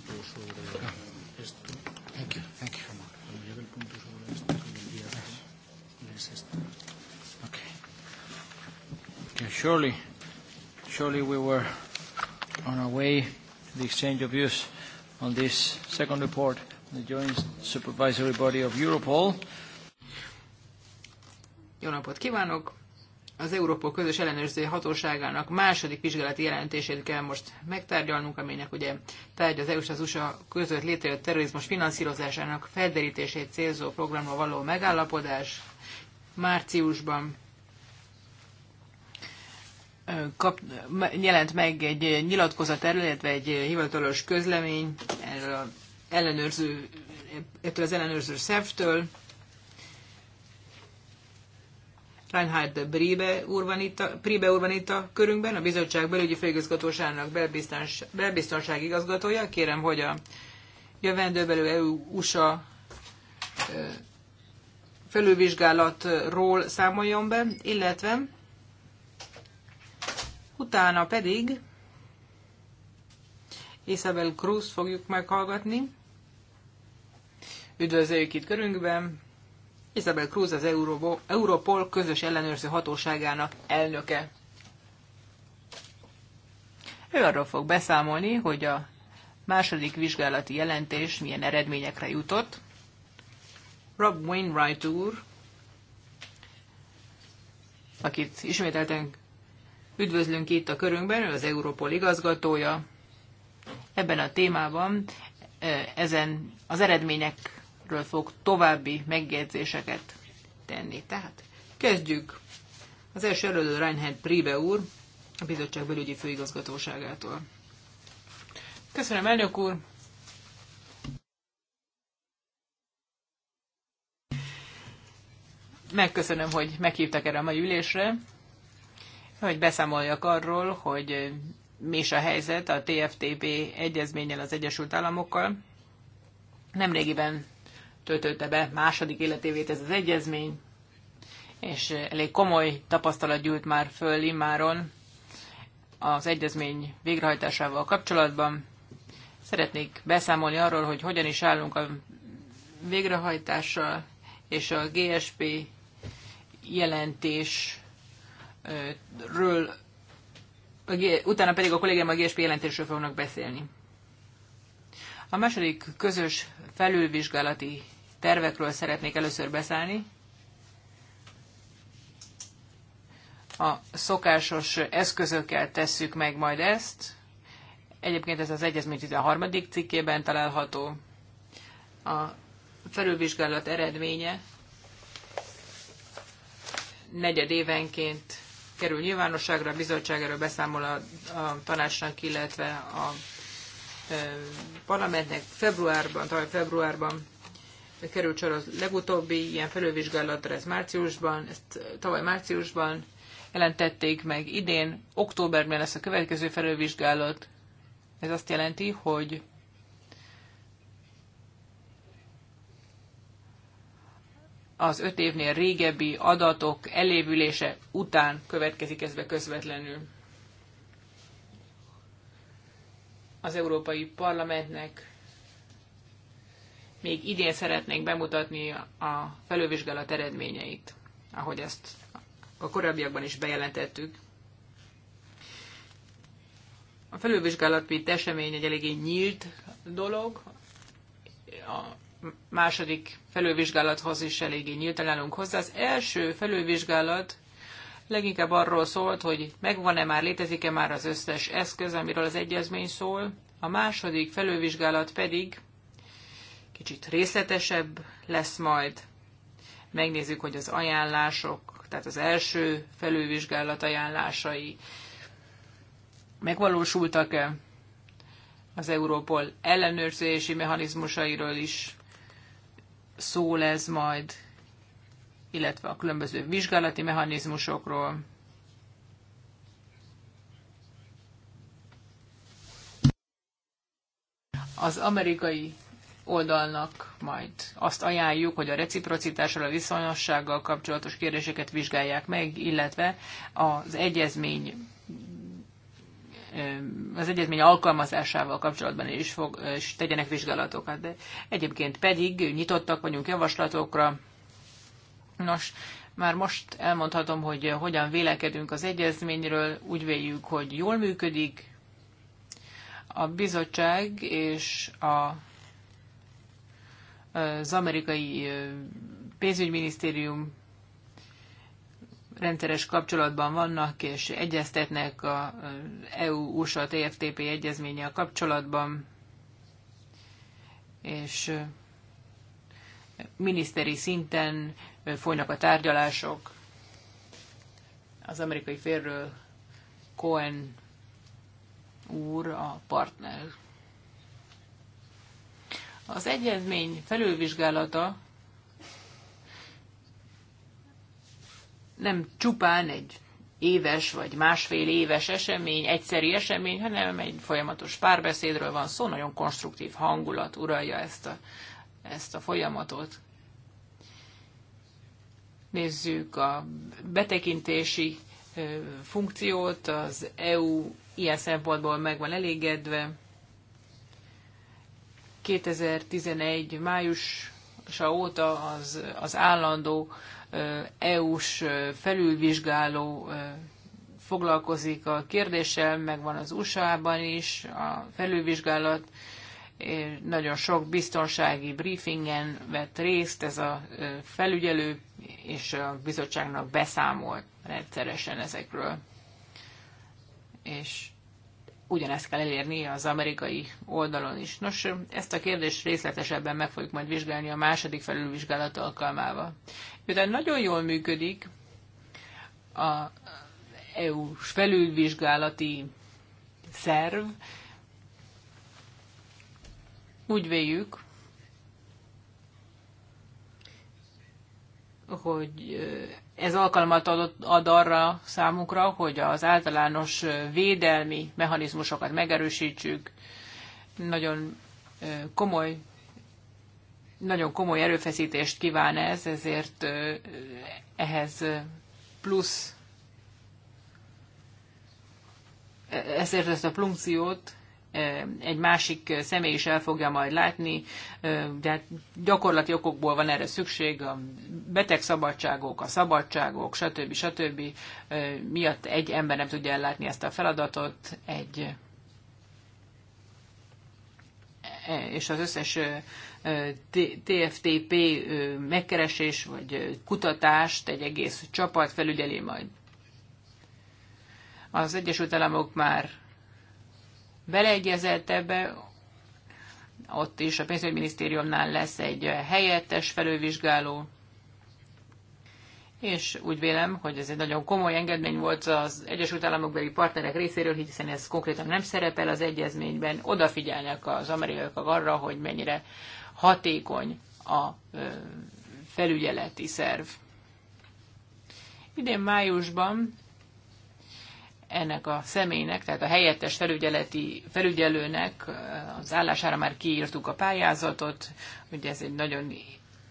punto sobre esto. Thank you, thank you. el punto sobre esto del viernes, esto. Okay. Okay, surely, surely we were on our way to the exchange of views on this second report, the Joint Supervisory Body of Europol. Jó napot kívánok! az Európa Közös Ellenőrző Hatóságának második vizsgálati jelentését kell most megtárgyalnunk, aminek ugye tárgy az EU és az USA között létrejött terrorizmus finanszírozásának felderítését célzó programra való megállapodás márciusban kap, jelent meg egy nyilatkozat erről, illetve egy hivatalos közlemény erről ellenőrző, ettől az ellenőrző szervtől, Reinhard Bribe úr van itt a, Pribe körünkben, a bizottság belügyi főigazgatóságának belbiztons, belbiztonság igazgatója. Kérem, hogy a jövendőbelő EU-USA felülvizsgálatról számoljon be, illetve utána pedig Isabel Cruz fogjuk meghallgatni. Üdvözöljük itt körünkben, Isabel Cruz az Europol közös ellenőrző hatóságának elnöke. Ő arról fog beszámolni, hogy a második vizsgálati jelentés milyen eredményekre jutott. Rob Wainwright úr, akit ismételten üdvözlünk itt a körünkben, ő az Europol igazgatója. Ebben a témában e, ezen az eredmények ről fog további megjegyzéseket tenni. Tehát kezdjük. Az első előadó Reinhard Pribe úr, a bizottság belügyi főigazgatóságától. Köszönöm, elnök úr! Megköszönöm, hogy meghívtak erre a mai ülésre, hogy beszámoljak arról, hogy mi is a helyzet a TFTP egyezménnyel az Egyesült Államokkal. Nemrégiben töltötte be második életévét ez az egyezmény, és elég komoly tapasztalat gyűlt már föl immáron az egyezmény végrehajtásával kapcsolatban. Szeretnék beszámolni arról, hogy hogyan is állunk a végrehajtással, és a GSP jelentésről, utána pedig a kollégám a GSP jelentésről fognak beszélni. A második közös felülvizsgálati tervekről szeretnék először beszélni. A szokásos eszközökkel tesszük meg majd ezt. Egyébként ez az egyezmény 13. cikkében található. A felülvizsgálat eredménye negyed évenként kerül nyilvánosságra, a bizottság erről beszámol a, a tanácsnak, illetve a e, parlamentnek februárban, talán februárban került sor az legutóbbi ilyen felülvizsgálatra, ez márciusban, ezt tavaly márciusban jelentették meg. Idén, októberben lesz a következő felülvizsgálat. Ez azt jelenti, hogy az öt évnél régebbi adatok elévülése után következik ezbe közvetlenül. Az Európai Parlamentnek még idén szeretnénk bemutatni a felővizsgálat eredményeit, ahogy ezt a korábbiakban is bejelentettük. A felővizsgálati esemény egy eléggé nyílt dolog. A második felővizsgálathoz is eléggé nyíltan állunk hozzá. Az első felővizsgálat leginkább arról szólt, hogy megvan-e már, létezik-e már az összes eszköz, amiről az egyezmény szól. A második felővizsgálat pedig kicsit részletesebb lesz majd. Megnézzük, hogy az ajánlások, tehát az első felülvizsgálat ajánlásai megvalósultak-e. Az Európol ellenőrzési mechanizmusairól is szól ez majd, illetve a különböző vizsgálati mechanizmusokról. Az amerikai oldalnak majd azt ajánljuk, hogy a reciprocitással, a viszonyossággal kapcsolatos kérdéseket vizsgálják meg, illetve az egyezmény az egyezmény alkalmazásával kapcsolatban is, fog, is tegyenek vizsgálatokat. De egyébként pedig nyitottak vagyunk javaslatokra. Nos, már most elmondhatom, hogy hogyan vélekedünk az egyezményről. Úgy véljük, hogy jól működik. A bizottság és a az amerikai pénzügyminisztérium rendszeres kapcsolatban vannak, és egyeztetnek a EU-USA TFTP a kapcsolatban, és miniszteri szinten folynak a tárgyalások. Az amerikai férről Cohen úr a partner. Az egyezmény felülvizsgálata nem csupán egy éves vagy másfél éves esemény, egyszeri esemény, hanem egy folyamatos párbeszédről van szó, nagyon konstruktív hangulat uralja ezt a, ezt a folyamatot. Nézzük a betekintési funkciót, az EU ilyen szempontból meg van elégedve, 2011 májusa óta az, az állandó EU-s felülvizsgáló foglalkozik a kérdéssel, megvan az USA-ban is a felülvizsgálat, nagyon sok biztonsági briefingen vett részt ez a felügyelő, és a bizottságnak beszámolt rendszeresen ezekről. És ugyanezt kell elérni az amerikai oldalon is. Nos, ezt a kérdést részletesebben meg fogjuk majd vizsgálni a második felülvizsgálat alkalmával. Miután nagyon jól működik a eu felülvizsgálati szerv, úgy véljük, hogy ez alkalmat adott, ad arra számukra, hogy az általános védelmi mechanizmusokat megerősítsük. Nagyon komoly, nagyon komoly erőfeszítést kíván ez, ezért ehhez plusz e-, ezért ezt a funkciót egy másik személy is el fogja majd látni, de hát gyakorlati okokból van erre szükség, a szabadságok, a szabadságok, stb. stb. miatt egy ember nem tudja ellátni ezt a feladatot, egy és az összes TFTP megkeresés vagy kutatást egy egész csapat felügyeli majd. Az Egyesült Államok már beleegyezett ebbe, ott is a pénzügyminisztériumnál lesz egy helyettes felővizsgáló, és úgy vélem, hogy ez egy nagyon komoly engedmény volt az Egyesült Államokbeli partnerek részéről, hiszen ez konkrétan nem szerepel az egyezményben. Odafigyelnek az amerikaiak arra, hogy mennyire hatékony a felügyeleti szerv. Idén májusban ennek a személynek, tehát a helyettes felügyeleti, felügyelőnek az állására már kiírtuk a pályázatot, ugye ez egy nagyon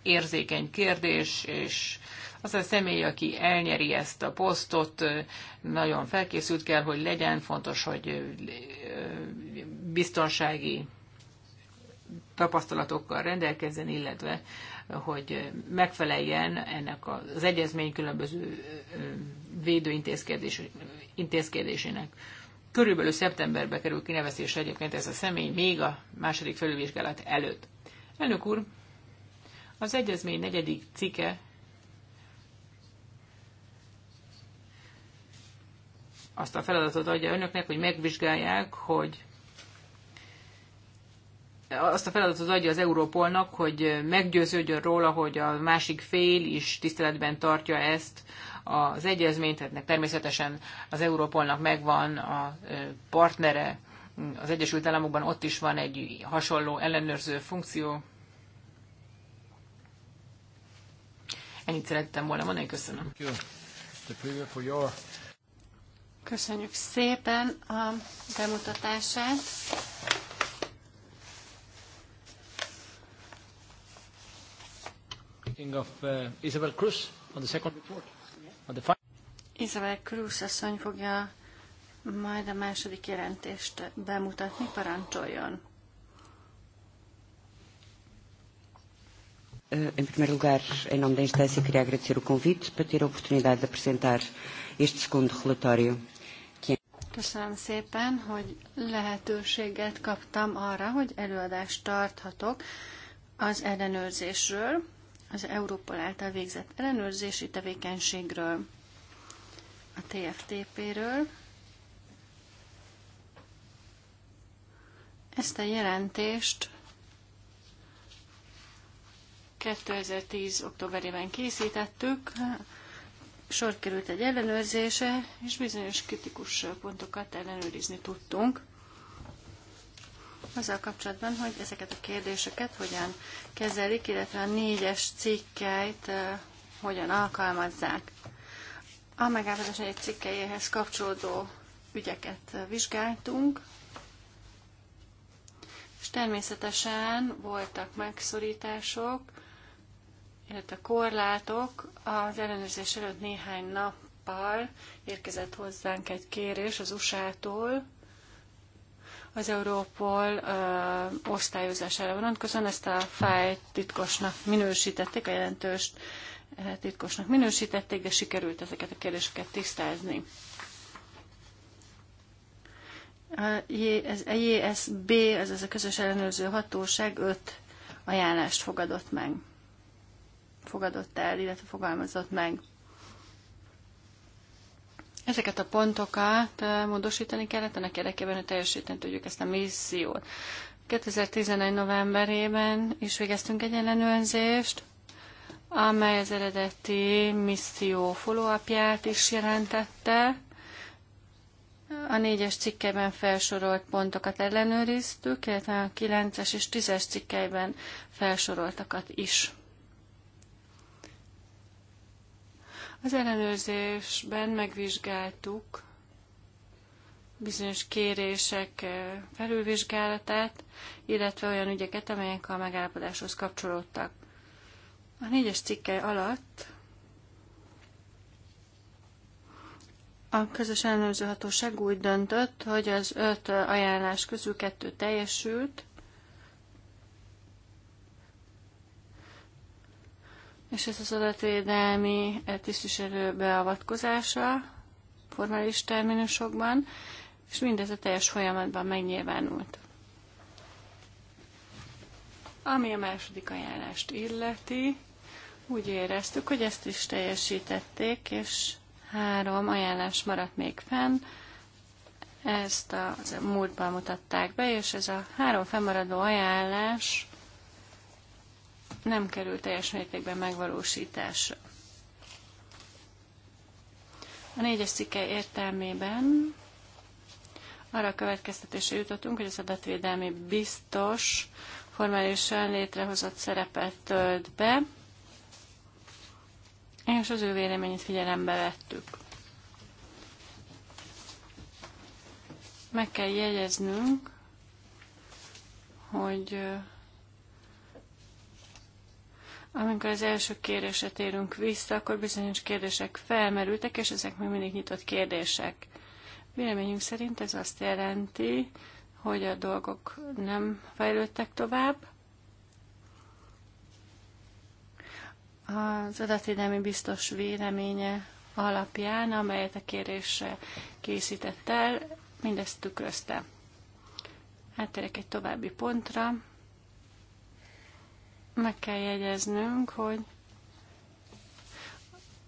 érzékeny kérdés, és az a személy, aki elnyeri ezt a posztot, nagyon felkészült kell, hogy legyen, fontos, hogy biztonsági tapasztalatokkal rendelkezzen, illetve hogy megfeleljen ennek az egyezmény különböző védőintézkedés, intézkedésének. Körülbelül szeptemberbe kerül kinevezésre egyébként ez a személy, még a második felülvizsgálat előtt. Elnök úr, az egyezmény negyedik cikke azt a feladatot adja önöknek, hogy megvizsgálják, hogy azt a feladatot adja az Európolnak, hogy meggyőződjön róla, hogy a másik fél is tiszteletben tartja ezt az egyezményt, tehát természetesen az Európolnak megvan a partnere, az Egyesült Államokban ott is van egy hasonló ellenőrző funkció. Ennyit szerettem volna mondani, köszönöm. Köszönjük szépen a bemutatását. Of, uh, Isabel Cruz on the second report. Isabel Cruz asszony fogja majd a második jelentést bemutatni, parancsoljon. Eh, em primeiro lugar, em nome da instância, queria agradecer o convite para ter a oportunidade de apresentar este segundo relatório. Köszönöm szépen, hogy lehetőséget kaptam arra, hogy előadást tarthatok az ellenőrzésről az Európol által végzett ellenőrzési tevékenységről, a TFTP-ről. Ezt a jelentést 2010. októberében készítettük, sor került egy ellenőrzése, és bizonyos kritikus pontokat ellenőrizni tudtunk azzal kapcsolatban, hogy ezeket a kérdéseket hogyan kezelik, illetve a négyes cikkeit hogyan alkalmazzák. A megállapodás egy cikkeihez kapcsolódó ügyeket vizsgáltunk, és természetesen voltak megszorítások, illetve korlátok. Az ellenőrzés előtt néhány nappal érkezett hozzánk egy kérés az USA-tól, az Európol ö, osztályozására vonatkozóan. Ezt a fájt titkosnak minősítették, a jelentős titkosnak minősítették, de sikerült ezeket a kérdéseket tisztázni. A JSB, az a közös ellenőrző hatóság öt ajánlást fogadott meg. Fogadott el, illetve fogalmazott meg. Ezeket a pontokat eh, módosítani kellett, annak érdekében, hogy teljesíteni tudjuk ezt a missziót. 2011. novemberében is végeztünk egy ellenőrzést, amely az eredeti misszió follow is jelentette. A négyes cikkeiben felsorolt pontokat ellenőriztük, illetve a kilences és tízes cikkeiben felsoroltakat is. Az ellenőrzésben megvizsgáltuk bizonyos kérések eh, felülvizsgálatát, illetve olyan ügyeket, amelyek a megállapodáshoz kapcsolódtak. A négyes cikke alatt a közös ellenőrző hatóság úgy döntött, hogy az öt ajánlás közül kettő teljesült, És ez az adatvédelmi eh, tisztviselő beavatkozása formális terminusokban, és mindez a teljes folyamatban megnyilvánult. Ami a második ajánlást illeti, úgy éreztük, hogy ezt is teljesítették, és három ajánlás maradt még fenn. Ezt a múltban mutatták be, és ez a három fennmaradó ajánlás nem kerül teljes mértékben megvalósításra. A négyes cikke értelmében arra a következtetésre jutottunk, hogy az adatvédelmi biztos formálisan létrehozott szerepet tölt be, és az ő véleményét figyelembe vettük. Meg kell jegyeznünk, hogy amikor az első kérdésre térünk vissza, akkor bizonyos kérdések felmerültek, és ezek még mindig nyitott kérdések. Véleményünk szerint ez azt jelenti, hogy a dolgok nem fejlődtek tovább. Az adatvédelmi biztos véleménye alapján, amelyet a kérésre készített el, mindezt tükrözte. Áttérek egy további pontra. Meg kell jegyeznünk, hogy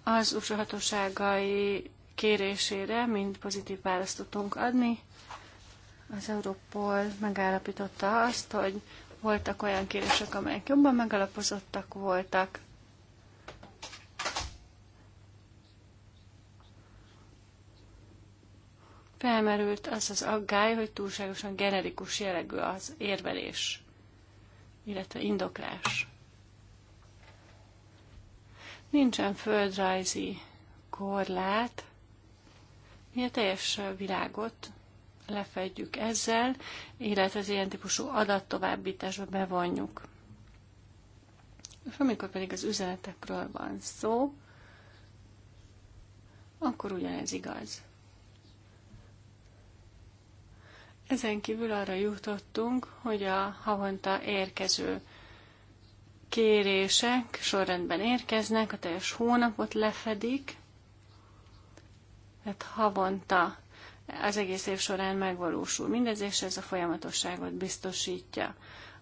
az USA hatóságai kérésére mind pozitív választ tudtunk adni. Az Európol megállapította azt, hogy voltak olyan kérések, amelyek jobban megalapozottak voltak, Felmerült az az aggály, hogy túlságosan generikus jellegű az érvelés illetve indoklás. Nincsen földrajzi korlát, mi a teljes világot lefedjük ezzel, illetve az ilyen típusú adattovábbításba bevonjuk. És amikor pedig az üzenetekről van szó, akkor ugyanez igaz. Ezen kívül arra jutottunk, hogy a havonta érkező kérések sorrendben érkeznek, a teljes hónapot lefedik, tehát havonta az egész év során megvalósul mindez, és ez a folyamatosságot biztosítja,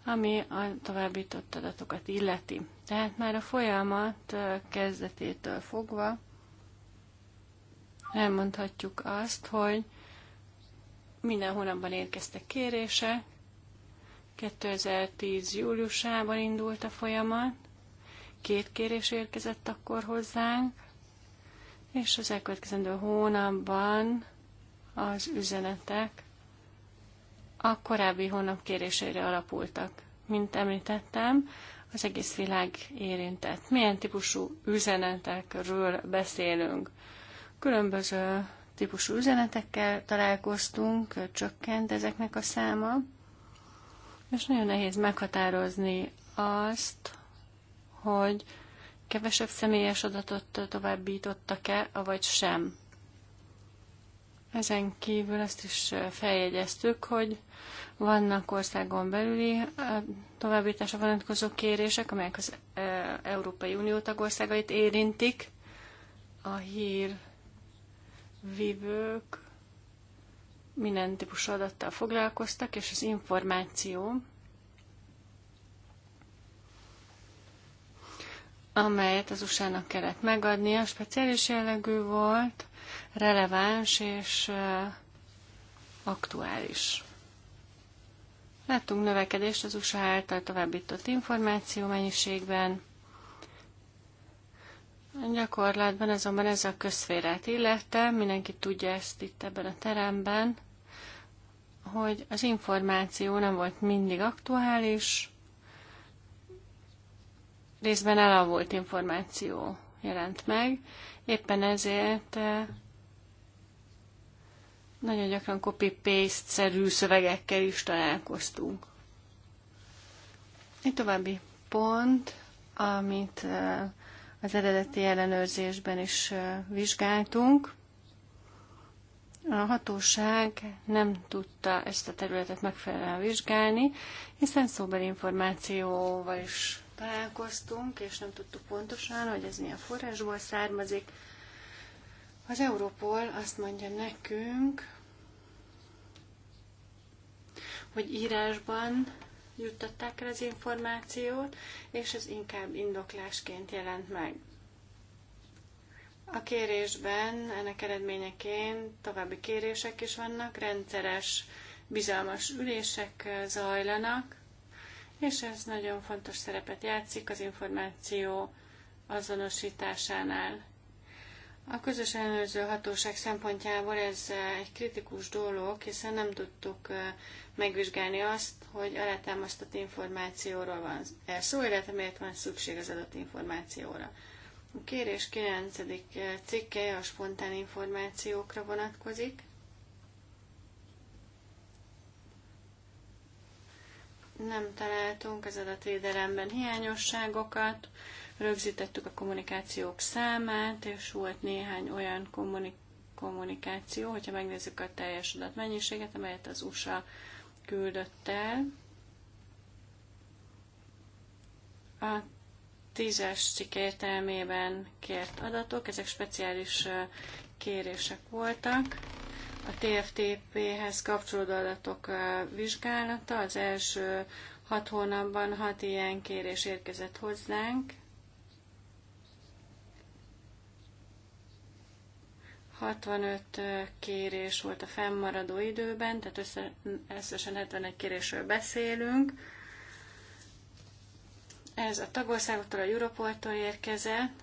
ami a továbbított adatokat illeti. Tehát már a folyamat kezdetétől fogva elmondhatjuk azt, hogy minden hónapban érkeztek kérése. 2010. júliusában indult a folyamat. Két kérés érkezett akkor hozzánk, és az elkövetkezendő hónapban az üzenetek a korábbi hónap kéréseire alapultak. Mint említettem, az egész világ érintett. Milyen típusú üzenetekről beszélünk? Különböző típusú üzenetekkel találkoztunk, csökkent ezeknek a száma, és nagyon nehéz meghatározni azt, hogy kevesebb személyes adatot továbbítottak-e, vagy sem. Ezen kívül azt is feljegyeztük, hogy vannak országon belüli továbbításra vonatkozó kérések, amelyek az Európai Unió tagországait érintik. A hír vívők minden típusú adattal foglalkoztak, és az információ, amelyet az USA-nak kellett megadnia, speciális jellegű volt, releváns és aktuális. Láttunk növekedést az USA által továbbított információ mennyiségben, Gyakorlatban azonban ez a közférát illette, mindenki tudja ezt itt ebben a teremben, hogy az információ nem volt mindig aktuális, részben elavult információ jelent meg, éppen ezért eh, nagyon gyakran copy-paste-szerű szövegekkel is találkoztunk. Egy további pont, amit eh, az eredeti ellenőrzésben is vizsgáltunk. A hatóság nem tudta ezt a területet megfelelően vizsgálni, hiszen szóbeli információval is találkoztunk, és nem tudtuk pontosan, hogy ez milyen forrásból származik. Az Europol azt mondja nekünk, hogy írásban juttatták el az információt, és ez inkább indoklásként jelent meg. A kérésben ennek eredményeként további kérések is vannak, rendszeres, bizalmas ülések zajlanak, és ez nagyon fontos szerepet játszik az információ azonosításánál. A közös ellenőrző hatóság szempontjából ez egy kritikus dolog, hiszen nem tudtuk megvizsgálni azt, hogy alátámasztott információról van szó, illetve miért van szükség az adott információra. A kérés 9. cikke a spontán információkra vonatkozik. Nem találtunk az adatvédelemben hiányosságokat, rögzítettük a kommunikációk számát, és volt néhány olyan kommunik kommunikáció, hogyha megnézzük a teljes adatmennyiséget, amelyet az USA küldött el. A tízes cikk értelmében kért adatok, ezek speciális kérések voltak. A TFTP-hez kapcsolódó adatok vizsgálata az első hat hónapban hat ilyen kérés érkezett hozzánk, 65 kérés volt a fennmaradó időben, tehát össze, összesen 71 kérésről beszélünk. Ez a tagországoktól, a Europoltól érkezett.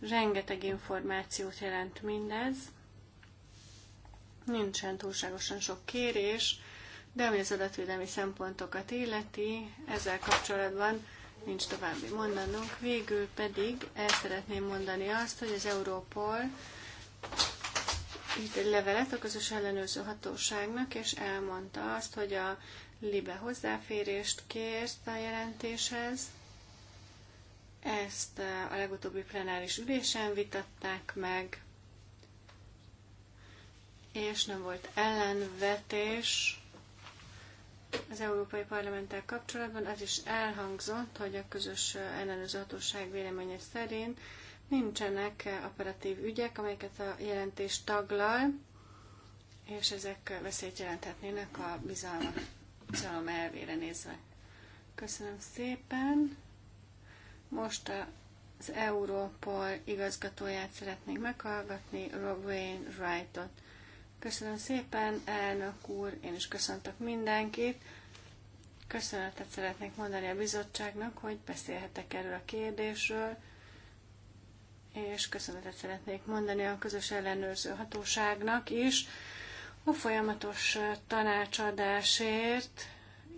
Rengeteg információt jelent mindez. Nincsen túlságosan sok kérés, de ami az adatvédelmi szempontokat illeti, ezzel kapcsolatban nincs további mondanunk. Végül pedig el szeretném mondani azt, hogy az Európol írt egy levelet a közös ellenőrző hatóságnak, és elmondta azt, hogy a Libe hozzáférést kért a jelentéshez. Ezt a legutóbbi plenáris ülésen vitatták meg, és nem volt ellenvetés az Európai Parlamenttel kapcsolatban az is elhangzott, hogy a közös ellenőrző hatóság véleménye szerint nincsenek operatív ügyek, amelyeket a jelentés taglal, és ezek veszélyt jelenthetnének a bizalma, bizalom elvére nézve. Köszönöm szépen. Most az Európol igazgatóját szeretnénk meghallgatni, Rob Wrightot. Köszönöm szépen, elnök úr, én is köszöntök mindenkit. Köszönetet szeretnék mondani a bizottságnak, hogy beszélhetek erről a kérdésről, és köszönetet szeretnék mondani a közös ellenőrző hatóságnak is a folyamatos tanácsadásért,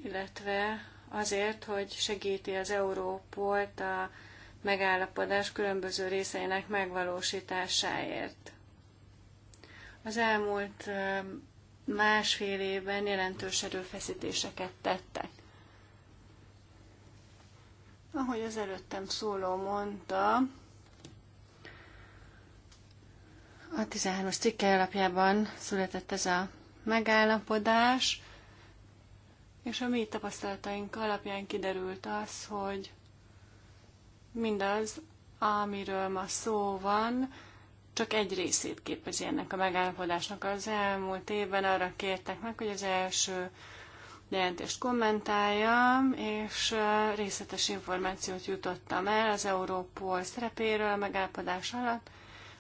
illetve azért, hogy segíti az Európolt a megállapodás különböző részeinek megvalósításáért. Az elmúlt másfél évben jelentős erőfeszítéseket tettek. Ahogy az előttem szóló mondta, a 13-as cikke alapjában született ez a megállapodás, és a mi tapasztalataink alapján kiderült az, hogy mindaz, amiről ma szó van, csak egy részét képezi ennek a megállapodásnak. Az elmúlt évben arra kértek meg, hogy az első jelentést kommentáljam, és részletes információt jutottam el az Európol szerepéről a megállapodás alatt.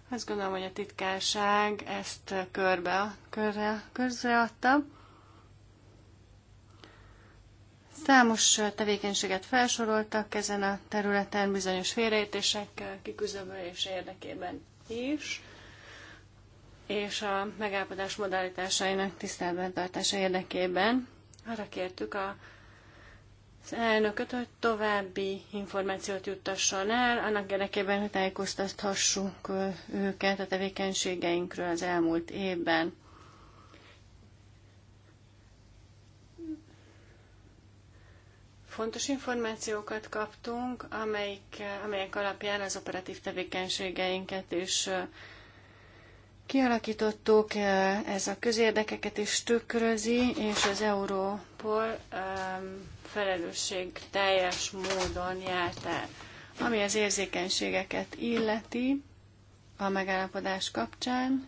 Azt gondolom, hogy a titkárság ezt körbe, körre, közreadta. Számos tevékenységet felsoroltak ezen a területen bizonyos félreértések kiküzöbölése érdekében is, és a megállapodás modalitásainak tiszteletben tartása érdekében arra kértük a az elnököt, hogy további információt juttasson el, annak érdekében, hogy tájékoztathassuk őket a tevékenységeinkről az elmúlt évben. Fontos információkat kaptunk, amelyik, amelyek alapján az operatív tevékenységeinket is kialakítottuk, ez a közérdekeket is tükrözi, és az Európol felelősség teljes módon járt el. Ami az érzékenységeket illeti a megállapodás kapcsán,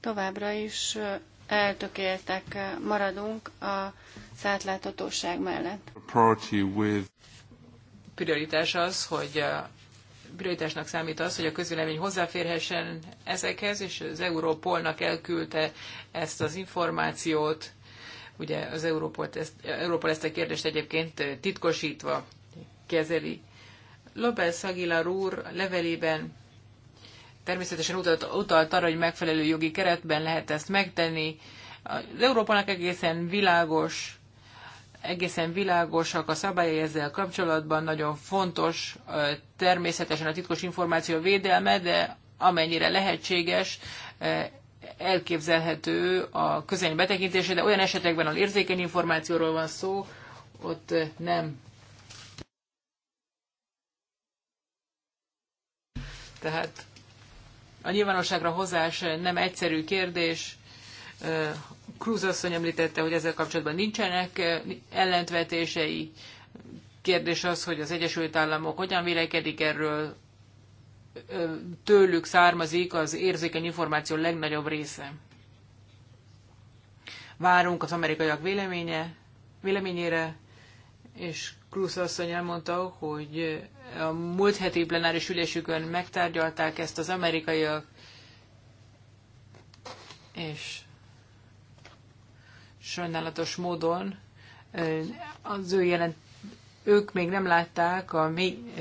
továbbra is eltökéltek maradunk a az átláthatóság mellett. Prioritás az, hogy prioritásnak számít az, hogy a közvélemény hozzáférhessen ezekhez, és az Európolnak elküldte ezt az információt. Ugye az Európol ezt, Európol ezt a kérdést egyébként titkosítva kezeli. Lobel Aguilar úr levelében természetesen utalt, utalt arra, hogy megfelelő jogi keretben lehet ezt megtenni. Az Európának egészen világos egészen világosak a szabályai ezzel kapcsolatban, nagyon fontos természetesen a titkos információ védelme, de amennyire lehetséges, elképzelhető a közeny betekintése, de olyan esetekben, ahol érzékeny információról van szó, ott nem. Tehát a nyilvánosságra hozás nem egyszerű kérdés, Krúz asszony említette, hogy ezzel kapcsolatban nincsenek eh, ellentvetései. Kérdés az, hogy az Egyesült Államok hogyan vélekedik erről, tőlük származik az érzékeny információ legnagyobb része. Várunk az amerikaiak véleménye, véleményére, és Krúz asszony elmondta, hogy a múlt heti plenáris ülésükön megtárgyalták ezt az amerikaiak, és sajnálatos módon az ő jelent, ők még nem látták a mi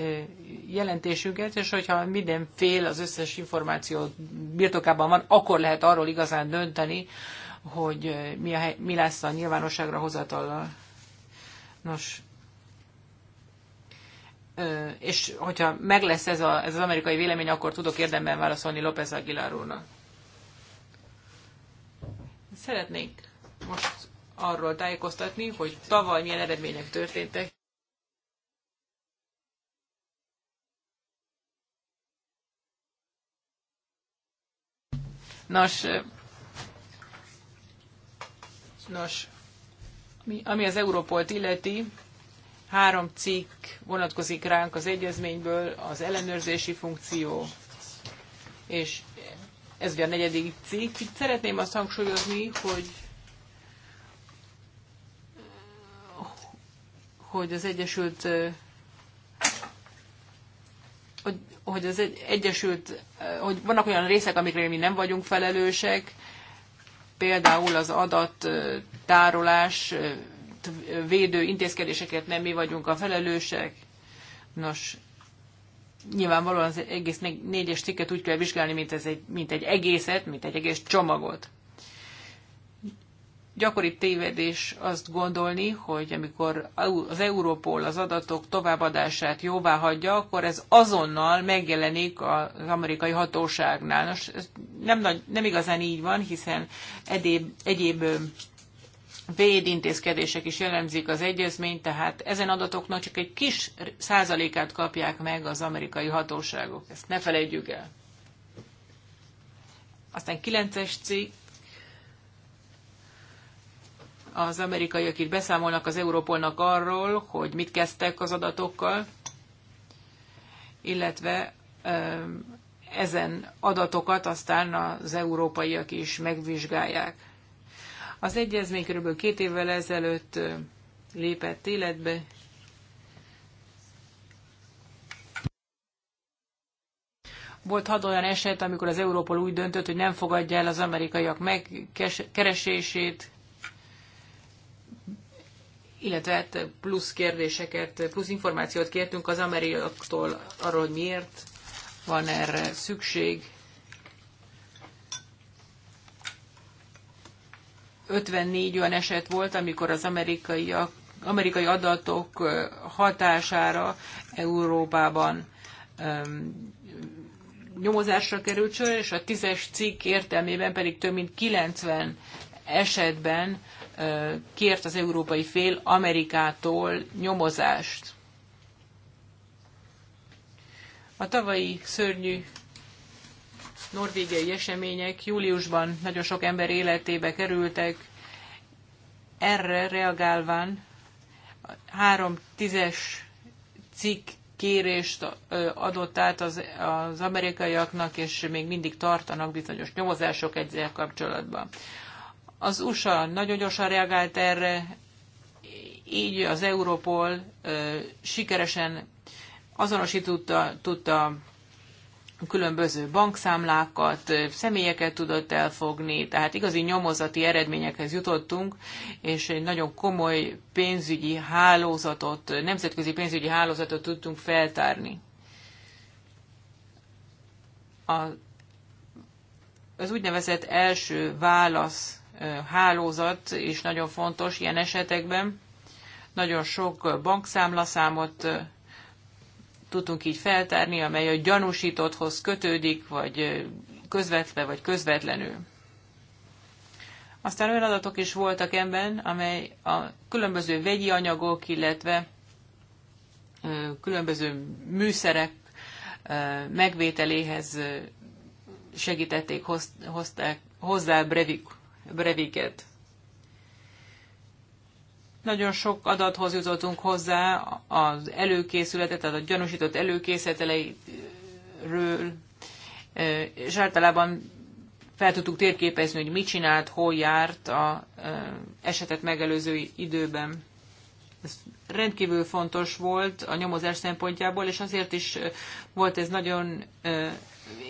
jelentésünket, és hogyha minden fél az összes információ birtokában van, akkor lehet arról igazán dönteni, hogy mi, a, mi lesz a nyilvánosságra hozatallal. Nos, és hogyha meg lesz ez, a, ez az amerikai vélemény, akkor tudok érdemben válaszolni López Aguilar úrnak. Szeretnék most arról tájékoztatni, hogy tavaly milyen eredmények történtek. Nos, nos ami az Európolt illeti, három cikk vonatkozik ránk az egyezményből, az ellenőrzési funkció, és ez ugye a negyedik cikk. Itt szeretném azt hangsúlyozni, hogy hogy az Egyesült hogy, hogy az egy, Egyesült, hogy vannak olyan részek, amikre mi nem vagyunk felelősek, például az adat tárolás védő intézkedéseket nem mi vagyunk a felelősek. Nos, nyilvánvalóan az egész négyes cikket úgy kell vizsgálni, mint, ez egy, mint egy egészet, mint egy egész csomagot. Gyakori tévedés azt gondolni, hogy amikor az Európol az adatok továbbadását jóvá hagyja, akkor ez azonnal megjelenik az amerikai hatóságnál. Nos, ez nem, nagy, nem igazán így van, hiszen edéb, egyéb védintézkedések is jellemzik az egyezményt, tehát ezen adatoknak csak egy kis százalékát kapják meg az amerikai hatóságok. Ezt ne felejtjük el. Aztán 9-es cikk, az amerikaiak itt beszámolnak az Európolnak arról, hogy mit kezdtek az adatokkal, illetve ezen adatokat aztán az európaiak is megvizsgálják. Az egyezmény kb. két évvel ezelőtt lépett életbe. Volt hat olyan eset, amikor az Európol úgy döntött, hogy nem fogadja el az amerikaiak megkeresését, illetve hát plusz kérdéseket, plusz információt kértünk az amerikaiaktól arról, hogy miért van erre szükség. 54 olyan eset volt, amikor az amerikai amerikai adatok hatására Európában um, nyomozásra került sor, és a tízes cikk értelmében pedig több mint 90 esetben kért az európai fél Amerikától nyomozást. A tavalyi szörnyű norvégiai események júliusban nagyon sok ember életébe kerültek. Erre reagálván három tízes cikk kérést adott át az, az amerikaiaknak, és még mindig tartanak bizonyos nyomozások ezzel kapcsolatban. Az USA nagyon gyorsan reagált erre, így az Europol sikeresen azonosította tudta különböző bankszámlákat, személyeket tudott elfogni, tehát igazi nyomozati eredményekhez jutottunk, és egy nagyon komoly pénzügyi hálózatot, nemzetközi pénzügyi hálózatot tudtunk feltárni. A, az úgynevezett első válasz hálózat is nagyon fontos ilyen esetekben. Nagyon sok bankszámlaszámot tudunk így feltárni, amely a gyanúsítotthoz kötődik, vagy közvetve, vagy közvetlenül. Aztán olyan adatok is voltak ebben, amely a különböző vegyi anyagok, illetve különböző műszerek megvételéhez segítették, hozták hozzá Brevik Breviket. Nagyon sok adathoz jutottunk hozzá az előkészületet, tehát a gyanúsított előkészleteleiről, és általában fel tudtuk térképezni, hogy mit csinált, hol járt a esetet megelőző időben. Ez rendkívül fontos volt a nyomozás szempontjából, és azért is volt ez nagyon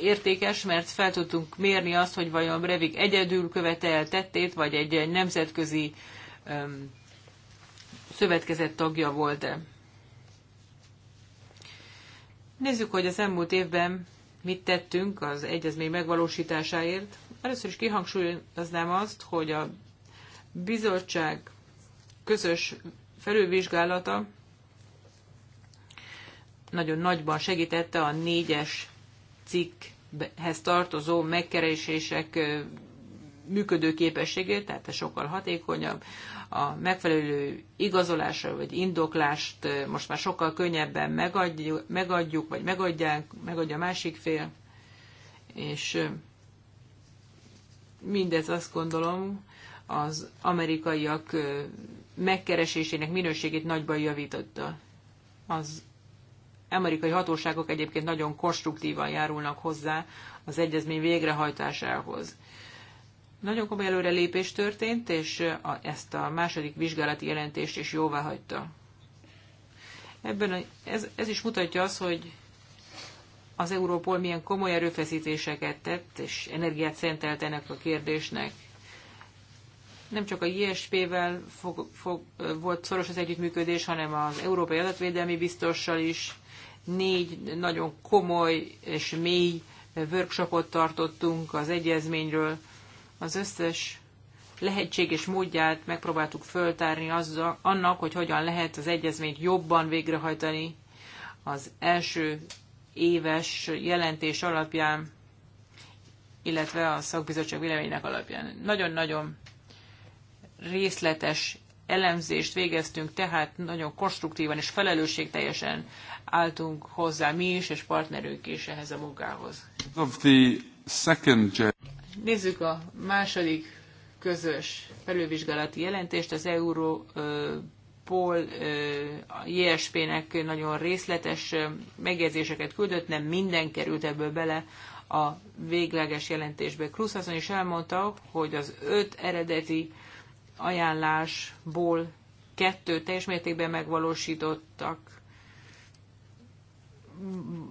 értékes, mert fel tudtunk mérni azt, hogy vajon Brevik egyedül követel tettét, vagy egy nemzetközi um, szövetkezett tagja volt-e. Nézzük, hogy az elmúlt évben mit tettünk az egyezmény megvalósításáért. Először is kihangsúlyoznám azt, hogy a bizottság közös felülvizsgálata nagyon nagyban segítette a négyes cikkhez tartozó megkeresések működőképességét, tehát ez sokkal hatékonyabb. A megfelelő igazolásra vagy indoklást most már sokkal könnyebben megadjuk, megadjuk vagy megadják, megadja a másik fél, és mindez azt gondolom az amerikaiak megkeresésének minőségét nagyban javította. Az amerikai hatóságok egyébként nagyon konstruktívan járulnak hozzá az egyezmény végrehajtásához. Nagyon komoly előrelépés történt, és a, ezt a második vizsgálati jelentést is jóvá hagyta. Ebben a, ez, ez is mutatja azt, hogy az Európol milyen komoly erőfeszítéseket tett, és energiát szentelt ennek a kérdésnek. Nem csak a ISP-vel fog, fog, volt szoros az együttműködés, hanem az Európai Adatvédelmi Biztossal is, négy nagyon komoly és mély workshopot tartottunk az egyezményről. Az összes lehetséges módját megpróbáltuk föltárni azzal, annak, hogy hogyan lehet az egyezményt jobban végrehajtani az első éves jelentés alapján, illetve a szakbizottság véleménynek alapján. Nagyon-nagyon részletes elemzést végeztünk, tehát nagyon konstruktívan és felelősségteljesen álltunk hozzá mi is, és partnerünk is ehhez a munkához. Of the second... Nézzük a második közös felülvizsgálati jelentést. Az Europol a JSP-nek nagyon részletes megjegyzéseket küldött, nem minden került ebből bele a végleges jelentésbe. Kruszaszon is elmondta, hogy az öt eredeti ajánlásból kettő teljes mértékben megvalósítottak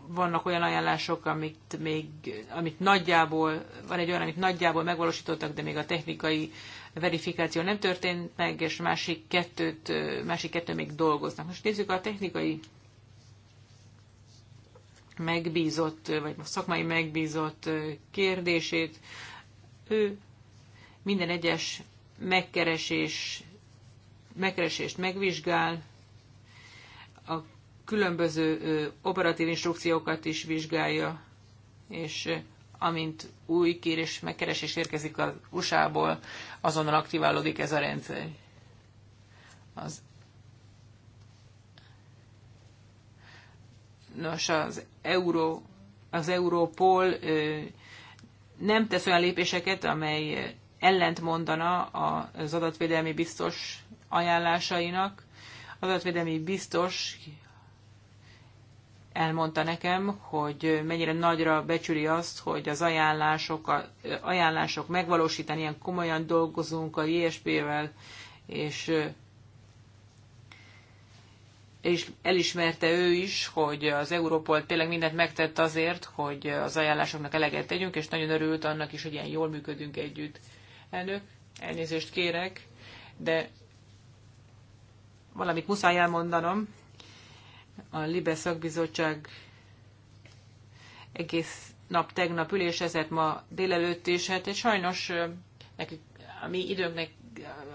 vannak olyan ajánlások, amit, még, amit nagyjából, van egy olyan, amit nagyjából megvalósítottak, de még a technikai verifikáció nem történt meg, és másik kettőt, másik kettő még dolgoznak. Most nézzük a technikai megbízott, vagy a szakmai megbízott kérdését. Ő minden egyes megkeresés, megkeresést megvizsgál, a különböző operatív instrukciókat is vizsgálja, és amint új kérés, megkeresés érkezik az USA-ból, azonnal aktiválódik ez a rendszer. Az Nos, az, Euró, az Európol nem tesz olyan lépéseket, amely ellent mondana az adatvédelmi biztos ajánlásainak. Az adatvédelmi biztos elmondta nekem, hogy mennyire nagyra becsüli azt, hogy az ajánlások, a, ajánlások megvalósítani, ilyen komolyan dolgozunk a ISP-vel, és, és elismerte ő is, hogy az Európol tényleg mindent megtett azért, hogy az ajánlásoknak eleget tegyünk, és nagyon örült annak is, hogy ilyen jól működünk együtt. Elnök, elnézést kérek, de valamit muszáj elmondanom a Libe szakbizottság egész nap tegnap ülésezett ma délelőtt is, hát és sajnos nekik, a mi időnknek,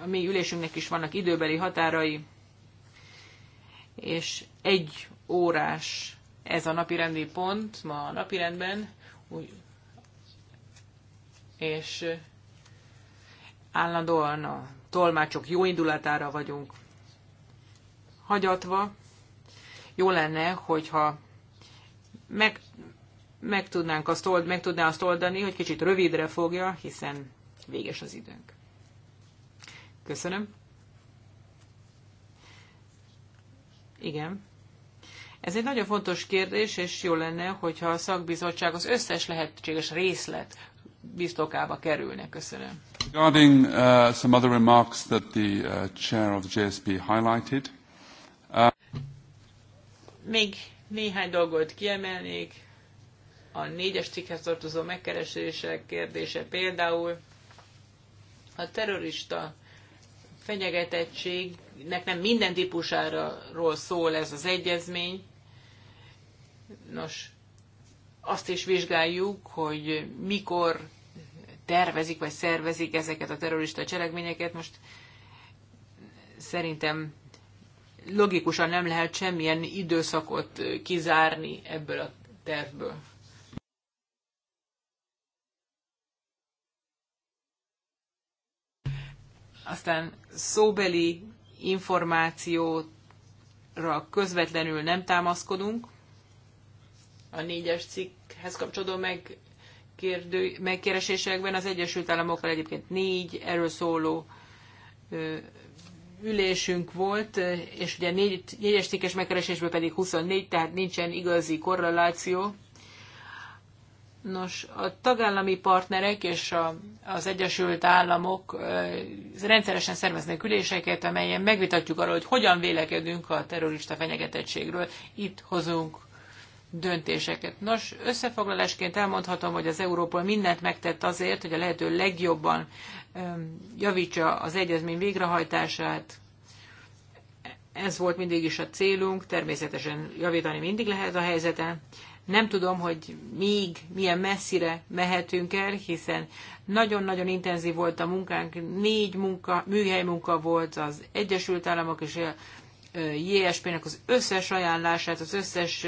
a mi ülésünknek is vannak időbeli határai, és egy órás ez a napirendi pont ma a napirendben, úgy, és állandóan a tolmácsok jó indulatára vagyunk hagyatva, jó lenne, hogyha meg, meg, tudnánk azt old, meg tudná azt oldani, hogy kicsit rövidre fogja, hiszen véges az időnk. Köszönöm. Igen. Ez egy nagyon fontos kérdés, és jó lenne, hogyha a szakbizottság az összes lehetséges részlet biztokába kerülne. Köszönöm. Regarding uh, some other remarks that the uh, chair of the JSP highlighted, még néhány dolgot kiemelnék. A négyes cikkhez tartozó megkeresések kérdése például a terrorista fenyegetettségnek nem minden típusáról szól ez az egyezmény. Nos, azt is vizsgáljuk, hogy mikor tervezik vagy szervezik ezeket a terrorista cselekményeket. Most szerintem logikusan nem lehet semmilyen időszakot kizárni ebből a tervből. Aztán szóbeli információra közvetlenül nem támaszkodunk. A négyes cikkhez kapcsolódó meg kérdő, megkeresésekben az Egyesült Államokkal egyébként négy erről szóló ülésünk volt, és ugye négy, négyes cikkes megkeresésből pedig 24, tehát nincsen igazi korreláció. Nos, a tagállami partnerek és a, az Egyesült Államok rendszeresen szerveznek üléseket, amelyen megvitatjuk arról, hogy hogyan vélekedünk a terrorista fenyegetettségről. Itt hozunk döntéseket. Nos, összefoglalásként elmondhatom, hogy az Európa mindent megtett azért, hogy a lehető legjobban javítsa az egyezmény végrehajtását. Ez volt mindig is a célunk, természetesen javítani mindig lehet a helyzeten. Nem tudom, hogy még milyen messzire mehetünk el, hiszen nagyon-nagyon intenzív volt a munkánk, négy munka, műhely munka volt az Egyesült Államok és a JSP-nek az összes ajánlását, az összes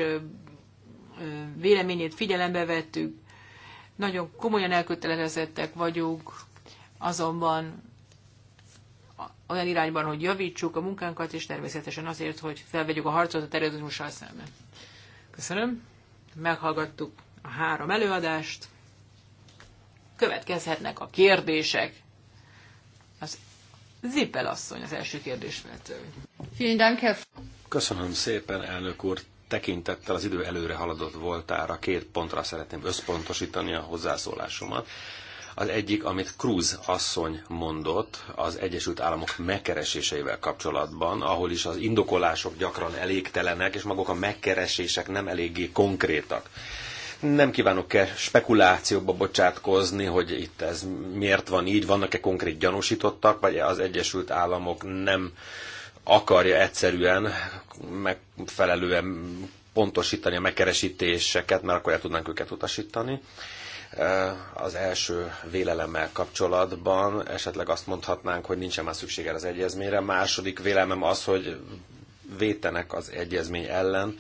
véleményét figyelembe vettük, nagyon komolyan elkötelezettek vagyunk, azonban olyan irányban, hogy javítsuk a munkánkat, és természetesen azért, hogy felvegyük a harcot a terrorizmussal szemben. Köszönöm. Meghallgattuk a három előadást. Következhetnek a kérdések. Az Zippel asszony az első kérdés feltő. Köszönöm szépen, elnök úr tekintettel az idő előre haladott voltára két pontra szeretném összpontosítani a hozzászólásomat. Az egyik, amit Cruz asszony mondott az Egyesült Államok megkereséseivel kapcsolatban, ahol is az indokolások gyakran elégtelenek, és maguk a megkeresések nem eléggé konkrétak. Nem kívánok -e spekulációkba bocsátkozni, hogy itt ez miért van így, vannak-e konkrét gyanúsítottak, vagy az Egyesült Államok nem akarja egyszerűen megfelelően pontosítani a megkeresítéseket, mert akkor el tudnánk őket utasítani. Az első vélelemmel kapcsolatban esetleg azt mondhatnánk, hogy nincsen már szüksége az egyezményre. Második vélelmem az, hogy vétenek az egyezmény ellen,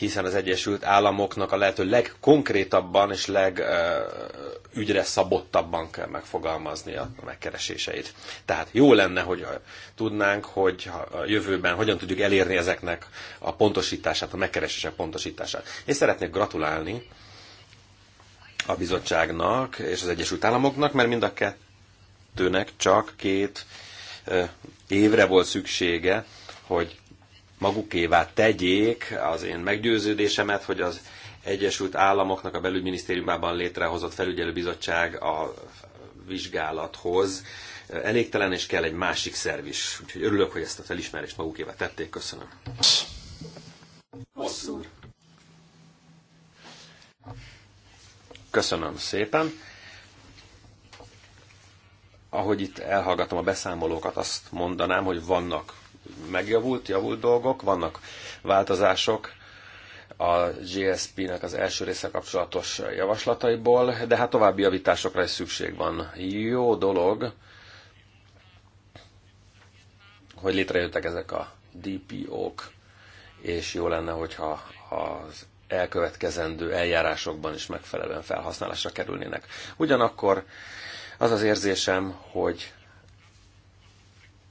hiszen az Egyesült Államoknak a lehető legkonkrétabban és legügyre szabottabban kell megfogalmazni a megkereséseit. Tehát jó lenne, hogy tudnánk, hogy a jövőben hogyan tudjuk elérni ezeknek a pontosítását, a megkeresések pontosítását. Én szeretnék gratulálni a bizottságnak és az Egyesült Államoknak, mert mind a kettőnek csak két évre volt szüksége, hogy magukévá tegyék az én meggyőződésemet, hogy az Egyesült Államoknak a belügyminisztériumában létrehozott felügyelőbizottság a vizsgálathoz elégtelen, és kell egy másik szerv is. Úgyhogy örülök, hogy ezt a felismerést magukévá tették. Köszönöm. Köszönöm szépen. Ahogy itt elhallgatom a beszámolókat, azt mondanám, hogy vannak megjavult, javult dolgok, vannak változások a GSP-nek az első része kapcsolatos javaslataiból, de hát további javításokra is szükség van. Jó dolog, hogy létrejöttek ezek a DPO-k, és jó lenne, hogyha az elkövetkezendő eljárásokban is megfelelően felhasználásra kerülnének. Ugyanakkor az az érzésem, hogy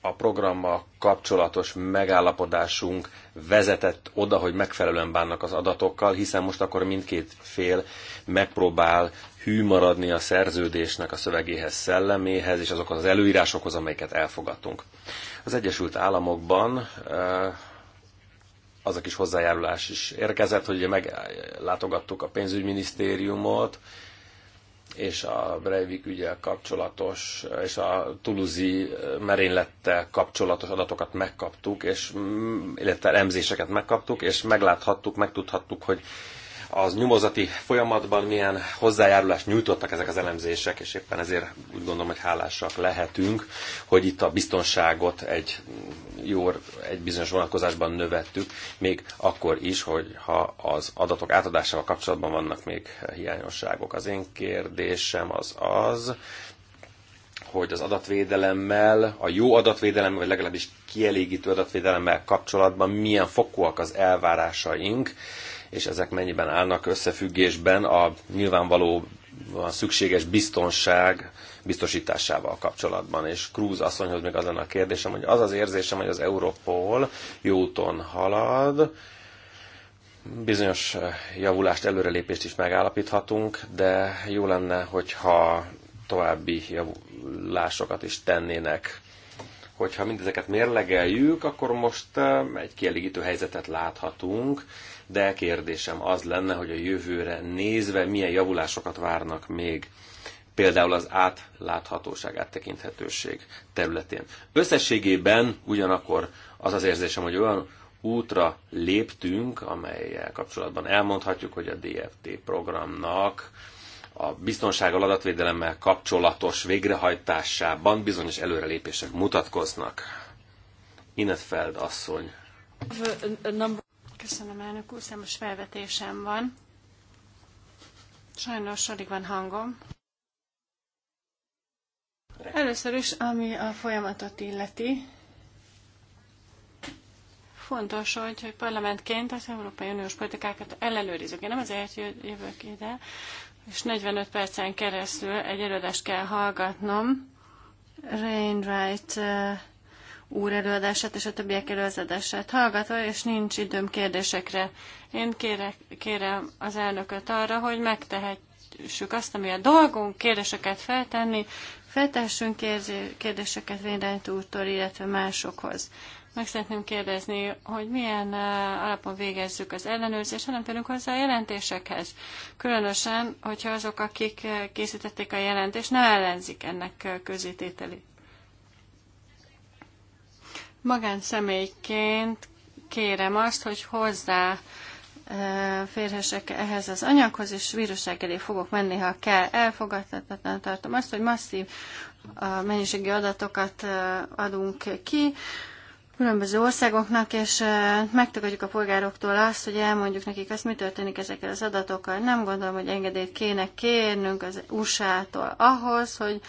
a programmal kapcsolatos megállapodásunk vezetett oda, hogy megfelelően bánnak az adatokkal, hiszen most akkor mindkét fél megpróbál hű maradni a szerződésnek a szövegéhez, szelleméhez és azokhoz az előírásokhoz, amelyeket elfogadtunk. Az Egyesült Államokban eh, az a kis hozzájárulás is érkezett, hogy ugye meglátogattuk a pénzügyminisztériumot, és a Breivik ügyel kapcsolatos, és a tuluzi merénylettel kapcsolatos adatokat megkaptuk, és, mm, illetve emzéseket megkaptuk, és megláthattuk, megtudhattuk, hogy az nyomozati folyamatban milyen hozzájárulást nyújtottak ezek az elemzések, és éppen ezért úgy gondolom, hogy hálásak lehetünk, hogy itt a biztonságot egy jó, egy bizonyos vonatkozásban növettük, még akkor is, hogy ha az adatok átadásával kapcsolatban vannak még hiányosságok. Az én kérdésem az az, hogy az adatvédelemmel, a jó adatvédelemmel, vagy legalábbis kielégítő adatvédelemmel kapcsolatban milyen fokúak az elvárásaink, és ezek mennyiben állnak összefüggésben a nyilvánvaló a szükséges biztonság biztosításával kapcsolatban. És Cruz asszonyhoz még az lenne a kérdésem, hogy az az érzésem, hogy az Europol jó úton halad, bizonyos eh, javulást, előrelépést is megállapíthatunk, de jó lenne, hogyha további javulásokat is tennének. Hogyha mindezeket mérlegeljük, akkor most eh, egy kielégítő helyzetet láthatunk, de kérdésem az lenne, hogy a jövőre nézve milyen javulásokat várnak még például az átláthatóság, áttekinthetőség területén. Összességében ugyanakkor az az érzésem, hogy olyan útra léptünk, amelyel kapcsolatban elmondhatjuk, hogy a DFT programnak a biztonsággal, adatvédelemmel kapcsolatos végrehajtásában bizonyos előrelépések mutatkoznak. Inetfeld Feld asszony. Köszönöm, elnök úr, számos felvetésem van. Sajnos alig van hangom. Először is, ami a folyamatot illeti, fontos, hogy, hogy parlamentként az Európai Uniós politikákat ellenőrizzük. Én nem azért jövök ide, és 45 percen keresztül egy előadást kell hallgatnom. Rainwright eh, úr előadását és a többiek előadását hallgatva, és nincs időm kérdésekre. Én kérek, kérem az elnököt arra, hogy megtehessük azt, ami a dolgunk, kérdéseket feltenni, feltessünk kérdéseket Védelt úrtól, illetve másokhoz. Meg szeretném kérdezni, hogy milyen eh, alapon végezzük az ellenőrzést, hanem tőlünk hozzá a jelentésekhez. Különösen, hogyha azok, akik eh, készítették a jelentést, nem ellenzik ennek eh, közétételét. Magánszemélyként kérem azt, hogy hozzá férhessek ehhez az anyaghoz, és víruság elé fogok menni, ha kell. Elfogadhatatlan tartom azt, hogy masszív mennyiségi adatokat adunk ki különböző országoknak, és megtagadjuk a polgároktól azt, hogy elmondjuk nekik azt, mi történik ezekkel az adatokkal. Nem gondolom, hogy engedélyt kéne kérnünk az USA-tól ahhoz, hogy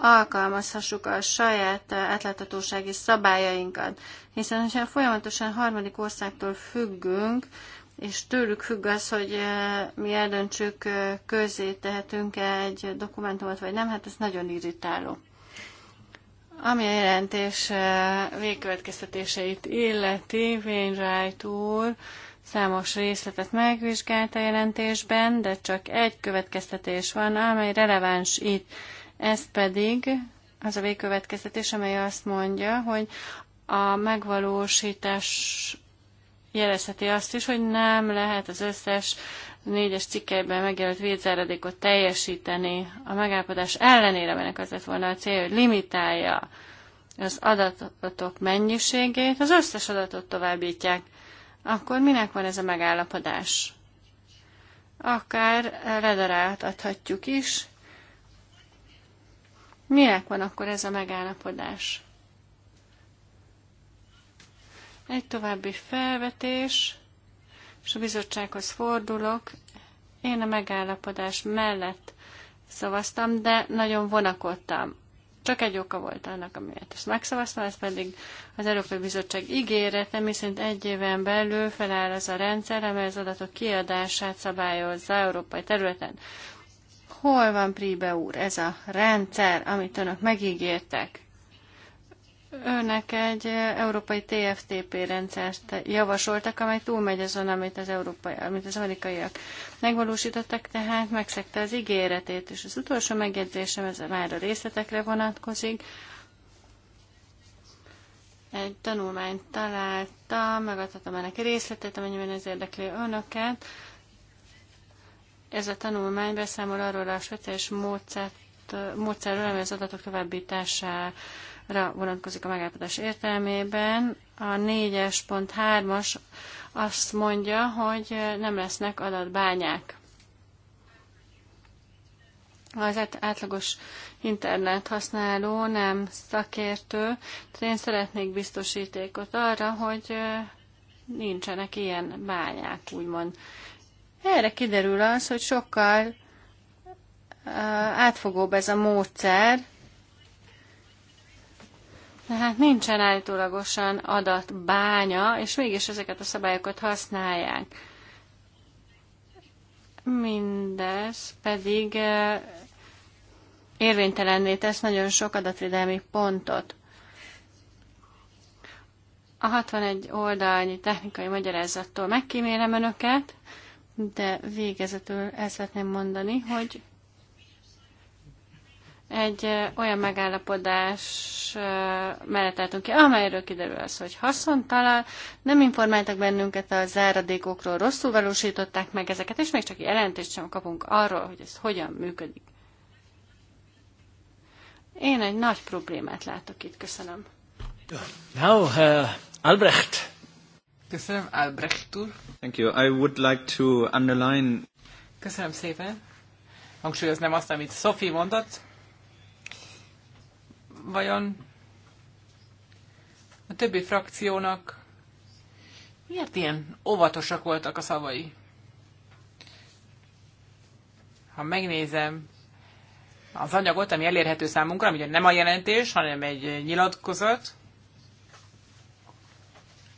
alkalmazhassuk a saját átláthatósági szabályainkat. Hiszen, hogyha folyamatosan harmadik országtól függünk, és tőlük függ az, hogy mi eldöntsük, közé tehetünk-e egy dokumentumot, vagy nem, hát ez nagyon irritáló. Ami a jelentés végkövetkeztetéseit illeti, Wainwright úr számos részletet megvizsgált a jelentésben, de csak egy következtetés van, amely releváns itt. Ez pedig az a végkövetkeztetés, amely azt mondja, hogy a megvalósítás jelezheti azt is, hogy nem lehet az összes négyes cikkelyben megjelölt védzáradékot teljesíteni a megállapodás ellenére, mert az lett volna a cél, hogy limitálja az adatok mennyiségét, az összes adatot továbbítják, akkor minek van ez a megállapodás? Akár ledaráltathatjuk is, Minek van akkor ez a megállapodás? Egy további felvetés, és a bizottsághoz fordulok. Én a megállapodás mellett szavaztam, de nagyon vonakodtam. Csak egy oka volt annak, amiért ezt megszavaztam, ez pedig az Európai Bizottság ígérete, miszerint egy éven belül feláll az a rendszer, amely az adatok kiadását szabályozza európai területen hol van Príbe úr ez a rendszer, amit önök megígértek? Önnek egy európai TFTP rendszert javasoltak, amely túlmegy azon, amit az, európai, amit az amerikaiak megvalósítottak, tehát megszegte az ígéretét, és az utolsó megjegyzésem, ez már a részletekre vonatkozik. Egy tanulmányt találtam, megadhatom ennek részletét, amennyiben ez érdekli önöket ez a tanulmány beszámol arról a sötés módszert, módszerről, ami az adatok továbbítására vonatkozik a megállapodás értelmében. A 43 pont as azt mondja, hogy nem lesznek adatbányák. Az átlagos internet használó nem szakértő, tehát én szeretnék biztosítékot arra, hogy nincsenek ilyen bányák, úgymond. Erre kiderül az, hogy sokkal eh, átfogóbb ez a módszer, de hát nincsen állítólagosan adatbánya, és mégis ezeket a szabályokat használják. Mindez pedig eh, érvénytelenné tesz nagyon sok adatvédelmi pontot. A 61 oldalnyi technikai magyarázattól megkímélem önöket, de végezetül el szeretném mondani, hogy egy olyan megállapodás mellett álltunk ki, amelyről kiderül az, hogy haszontalan, nem informáltak bennünket a záradékokról, rosszul valósították meg ezeket, és még csak jelentést sem kapunk arról, hogy ez hogyan működik. Én egy nagy problémát látok itt, köszönöm. Now, uh, Albrecht. Köszönöm, Albrecht úr. Thank you. I would like to underline... Köszönöm szépen. Hangsúlyoznám azt, amit Sophie mondott. Vajon a többi frakciónak miért ilyen óvatosak voltak a szavai? Ha megnézem az anyagot, ami elérhető számunkra, ami nem a jelentés, hanem egy nyilatkozat,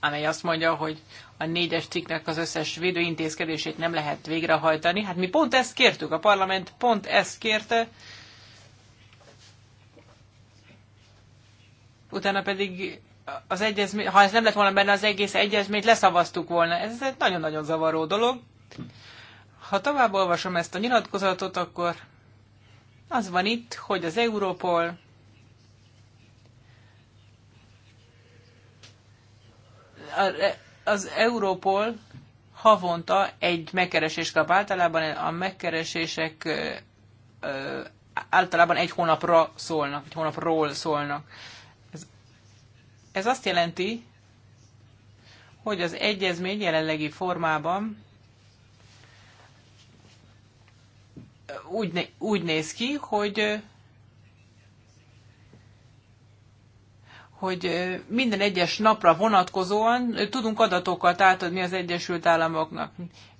amely azt mondja, hogy a négyes cikknek az összes védőintézkedését nem lehet végrehajtani. Hát mi pont ezt kértük, a parlament pont ezt kérte, utána pedig az egyezmény, ha ez nem lett volna benne, az egész egyezményt leszavaztuk volna. Ez egy nagyon-nagyon zavaró dolog. Ha tovább olvasom ezt a nyilatkozatot, akkor az van itt, hogy az Európol az Europol havonta egy megkeresést kap általában, a megkeresések általában egy hónapra szólnak, egy hónapról szólnak. Ez, ez azt jelenti, hogy az egyezmény jelenlegi formában úgy, úgy néz ki, hogy hogy minden egyes napra vonatkozóan tudunk adatokat átadni az Egyesült Államoknak.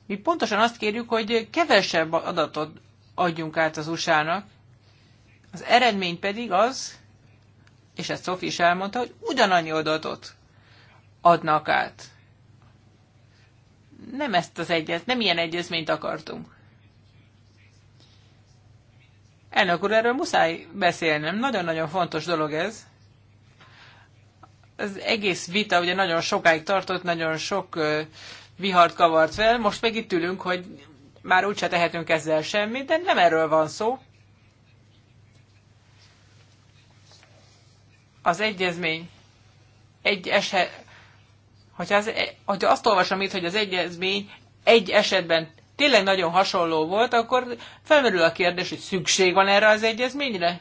Mi pontosan azt kérjük, hogy kevesebb adatot adjunk át az USA-nak. Az eredmény pedig az, és ezt Sophie is elmondta, hogy ugyanannyi adatot adnak át. Nem ezt az egyet, nem ilyen egyezményt akartunk. Elnök úr, erről muszáj beszélnem. Nagyon-nagyon fontos dolog ez az egész vita ugye nagyon sokáig tartott, nagyon sok vihart kavart fel, most meg itt ülünk, hogy már úgyse tehetünk ezzel semmit, de nem erről van szó. Az egyezmény egy eset, hogyha, az, e, hogyha azt olvasom itt, hogy az egyezmény egy esetben tényleg nagyon hasonló volt, akkor felmerül a kérdés, hogy szükség van erre az egyezményre?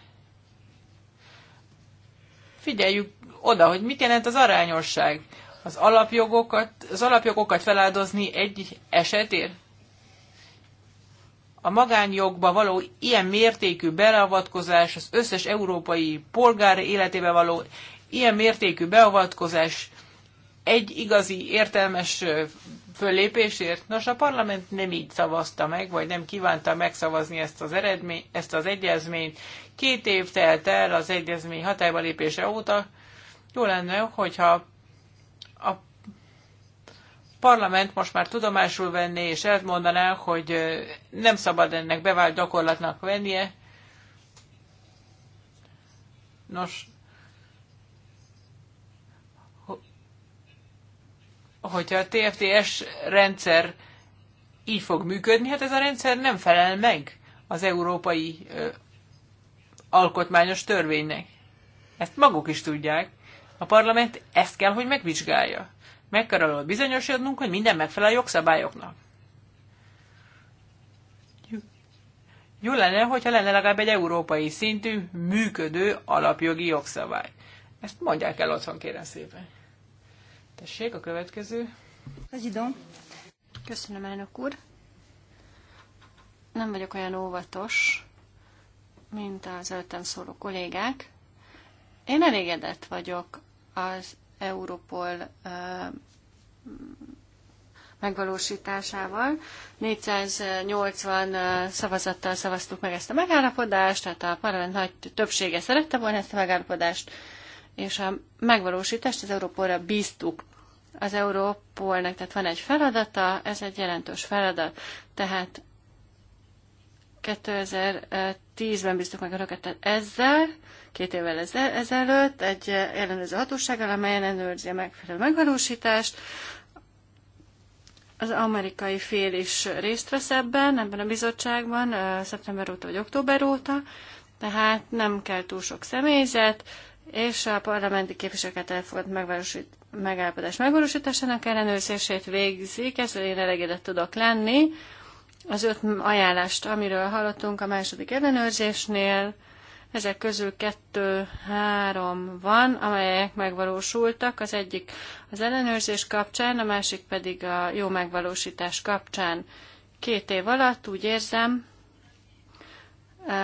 Figyeljük oda, hogy mit jelent az arányosság. Az alapjogokat, az alapjogokat feláldozni egy esetért? A magánjogba való ilyen mértékű beleavatkozás, az összes európai polgár életébe való ilyen mértékű beavatkozás egy igazi értelmes föllépésért? Nos, a parlament nem így szavazta meg, vagy nem kívánta megszavazni ezt az, eredmény, ezt az egyezményt. Két év telt el az egyezmény hatályba lépése óta, jó lenne, hogyha a parlament most már tudomásul venné, és elmondaná, hogy nem szabad ennek bevált gyakorlatnak vennie. Nos, hogyha a TFTS rendszer így fog működni, hát ez a rendszer nem felel meg az európai ö, alkotmányos törvénynek. Ezt maguk is tudják. A parlament ezt kell, hogy megvizsgálja. Meg kell arról bizonyosodnunk, hogy minden megfelel a jogszabályoknak. Jó lenne, hogyha lenne legalább egy európai szintű, működő alapjogi jogszabály. Ezt mondják el otthon, kérem szépen. Tessék, a következő. Prezident. Köszönöm, elnök úr. Nem vagyok olyan óvatos, mint az öltem szóló kollégák. Én elégedett vagyok az Europol megvalósításával. 480 szavazattal szavaztuk meg ezt a megállapodást, tehát a parlament nagy többsége szerette volna ezt a megállapodást, és a megvalósítást az Európóra bíztuk. Az Európolnak tehát van egy feladata, ez egy jelentős feladat, tehát 2010-ben bíztuk meg a önöket ezzel, két évvel ezelőtt egy ellenőrző hatósággal, amely ellenőrzi a megfelelő megvalósítást. Az amerikai fél is részt vesz ebben, ebben a bizottságban, szeptember óta vagy október óta, tehát nem kell túl sok személyzet, és a parlamenti képviselőket elfogadott megvalósít, megállapodás megvalósításának ellenőrzését végzik, ezzel én elegedett tudok lenni. Az öt ajánlást, amiről hallottunk a második ellenőrzésnél, ezek közül kettő-három van, amelyek megvalósultak, az egyik az ellenőrzés kapcsán, a másik pedig a jó megvalósítás kapcsán. Két év alatt úgy érzem,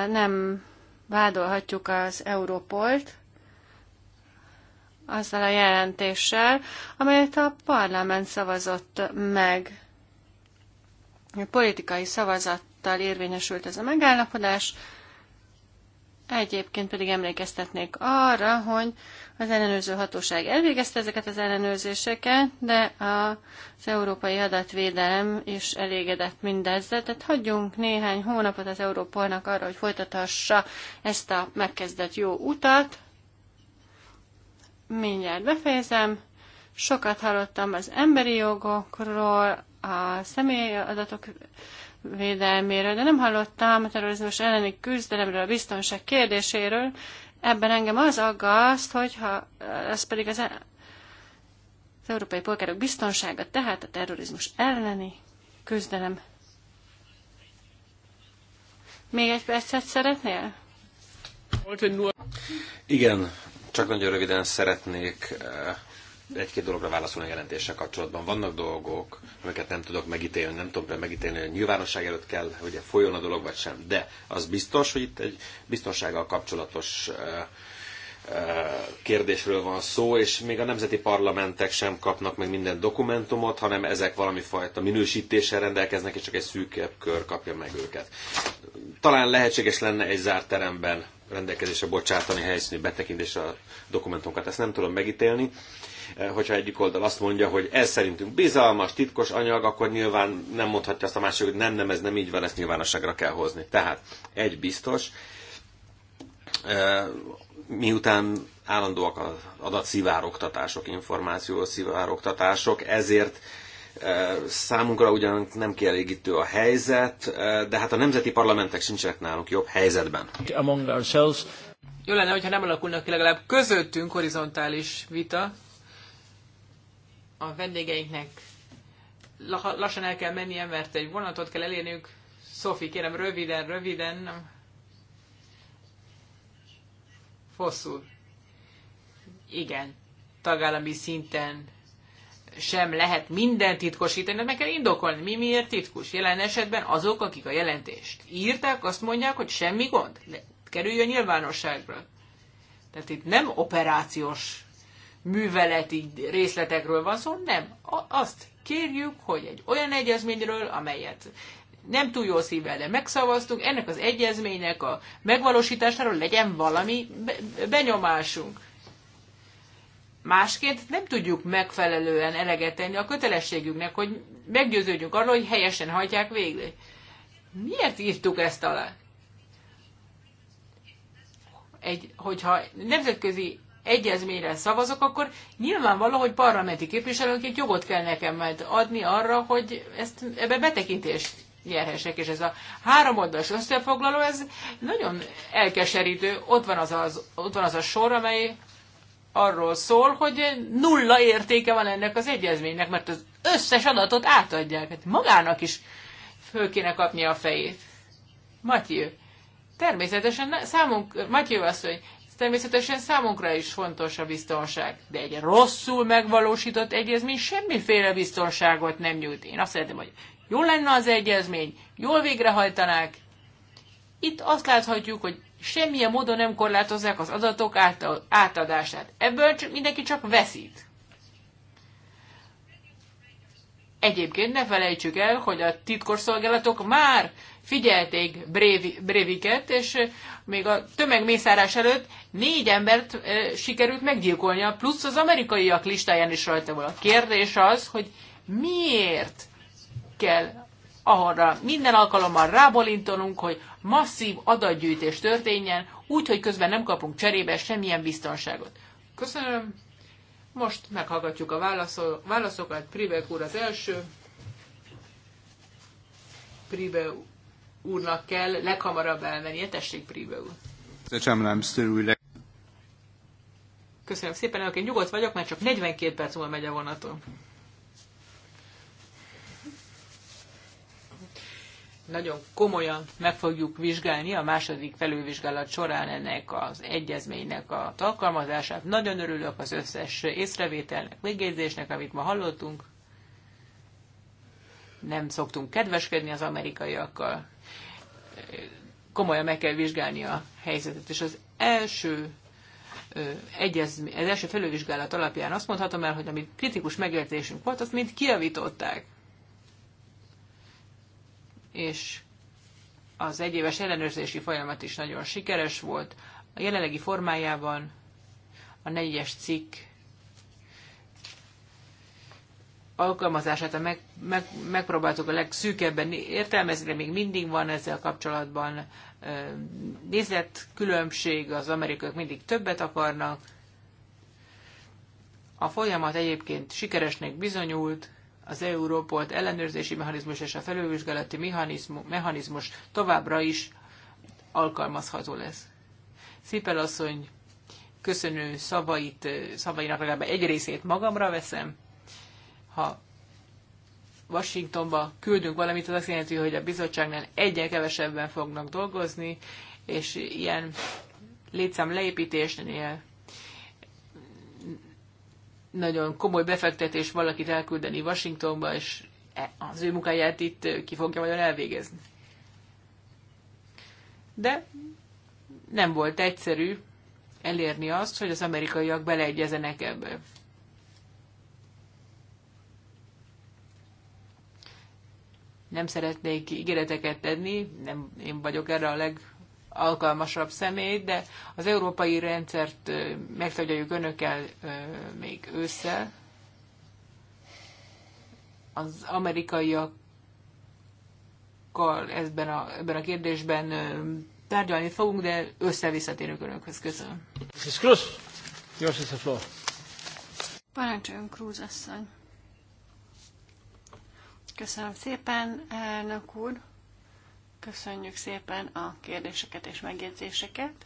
nem vádolhatjuk az Európolt azzal a jelentéssel, amelyet a parlament szavazott meg. A politikai szavazattal érvényesült ez a megállapodás, Egyébként pedig emlékeztetnék arra, hogy az ellenőrző hatóság elvégezte ezeket az ellenőrzéseket, de az európai adatvédelem is elégedett mindezzel, tehát hagyjunk néhány hónapot az Európolnak arra, hogy folytatassa ezt a megkezdett jó utat. Mindjárt befejezem. Sokat hallottam az emberi jogokról, a személyi adatok védelméről, de nem hallottam a terrorizmus elleni küzdelemről, a biztonság kérdéséről. Ebben engem az aggaszt, hogyha ez pedig az, e- az európai polgárok biztonsága, tehát a terrorizmus elleni küzdelem. Még egy percet szeretnél? Igen, csak nagyon röviden szeretnék eh, egy-két dologra válaszolni a jelentéssel kapcsolatban. Vannak dolgok, amiket nem tudok megítélni, nem tudom megítélni, hogy nyilvánosság előtt kell, hogy -e folyjon a dolog, vagy sem. De az biztos, hogy itt egy biztonsággal kapcsolatos kérdésről van szó, és még a nemzeti parlamentek sem kapnak meg minden dokumentumot, hanem ezek valami fajta minősítéssel rendelkeznek, és csak egy szűkebb kör kapja meg őket. Talán lehetséges lenne egy zárt teremben rendelkezésre bocsátani helyszíni betekintésre a dokumentumokat, ezt nem tudom megítélni Eh, hogyha egyik oldal azt mondja, hogy ez szerintünk bizalmas, titkos anyag, akkor nyilván nem mondhatja azt a másik, hogy nem, nem, ez nem így van, ezt nyilvánosságra kell hozni. Tehát egy biztos, eh, miután állandóak az adatszivároktatások, információs szivároktatások, ezért eh, Számunkra ugyan nem kielégítő a helyzet, de hát a nemzeti parlamentek sincsenek nálunk jobb helyzetben. Among ourselves. Jó lenne, hogyha nem alakulnak ki legalább közöttünk horizontális vita a vendégeinknek lassan el kell mennie, mert egy vonatot kell elérniük. Szofi, kérem, röviden, röviden. Hosszú. Igen, tagállami szinten sem lehet mindent titkosítani, de meg kell indokolni, mi miért titkos. Jelen esetben azok, akik a jelentést írták, azt mondják, hogy semmi gond, kerüljön nyilvánosságra. Tehát itt nem operációs műveleti részletekről van szó, nem. Azt kérjük, hogy egy olyan egyezményről, amelyet nem túl jó szívvel, de megszavaztunk, ennek az egyezménynek a megvalósításáról legyen valami benyomásunk. Másként nem tudjuk megfelelően eleget tenni a kötelességünknek, hogy meggyőződjünk arról, hogy helyesen hajtják végre. Miért írtuk ezt alá? Egy, hogyha nemzetközi egyezményre szavazok, akkor nyilvánvaló, hogy parlamenti képviselőként jogot kell nekem majd adni arra, hogy ezt, ebbe betekintést nyerhessek, és ez a három összefoglaló, ez nagyon elkeserítő. Ott van az, az, ott van az a sor, amely arról szól, hogy nulla értéke van ennek az egyezménynek, mert az összes adatot átadják. Hát magának is föl kéne kapni a fejét. Matyi, természetesen számunk, Matyi asszony, Természetesen számunkra is fontos a biztonság, de egy rosszul megvalósított egyezmény semmiféle biztonságot nem nyújt. Én azt szeretném, hogy jó lenne az egyezmény, jól végrehajtanák. Itt azt láthatjuk, hogy semmilyen módon nem korlátozzák az adatok átadását. Ebből csak, mindenki csak veszít. Egyébként ne felejtsük el, hogy a titkosszolgálatok már figyelték Breiviket, és még a tömegmészárás előtt négy embert sikerült meggyilkolnia, plusz az amerikaiak listáján is rajta volt. A kérdés az, hogy miért kell arra minden alkalommal rábolintanunk, hogy masszív adatgyűjtés történjen, úgy, hogy közben nem kapunk cserébe semmilyen biztonságot. Köszönöm. Most meghallgatjuk a válaszol, válaszokat. Privek úr az első. Pribe úrnak kell leghamarabb elmennie. Tessék, Príbe úr. Köszönöm szépen, elnök, én nyugodt vagyok, mert csak 42 perc múlva megy a vonatom. Nagyon komolyan meg fogjuk vizsgálni a második felülvizsgálat során ennek az egyezménynek a alkalmazását. Nagyon örülök az összes észrevételnek, megjegyzésnek, amit ma hallottunk. Nem szoktunk kedveskedni az amerikaiakkal komolyan meg kell vizsgálni a helyzetet. És az első egyezmény, az első felülvizsgálat alapján azt mondhatom el, hogy amit kritikus megértésünk volt, azt mind kiavították. És az egyéves ellenőrzési folyamat is nagyon sikeres volt. A jelenlegi formájában a negyes cikk alkalmazását a meg, meg, megpróbáltuk a legszűkebben értelmezni, de még mindig van ezzel kapcsolatban nézetkülönbség, az amerikaiak mindig többet akarnak. A folyamat egyébként sikeresnek bizonyult, az Európolt ellenőrzési mechanizmus és a felülvizsgálati mechanizmus, mechanizmus továbbra is alkalmazható lesz. Szipel asszony köszönő szavait, szavainak legalább egy részét magamra veszem, ha Washingtonba küldünk valamit, az azt jelenti, hogy a bizottságnál egyen kevesebben fognak dolgozni, és ilyen létszám leépítésnél nagyon komoly befektetés valakit elküldeni Washingtonba, és e, az ő munkáját itt ki fogja vajon elvégezni. De nem volt egyszerű elérni azt, hogy az amerikaiak beleegyezenek ebbe. nem szeretnék ígéreteket tenni, nem én vagyok erre a legalkalmasabb személy, de az európai rendszert megtagyaljuk önökkel még ősszel. Az amerikaiakkal ebben a, ebben a kérdésben tárgyalni fogunk, de visszatérünk önökhöz. Köszönöm. Mrs. Cruz, yours is the floor. Parancsoljon, Cruz asszony. Köszönöm szépen, elnök úr. Köszönjük szépen a kérdéseket és megjegyzéseket.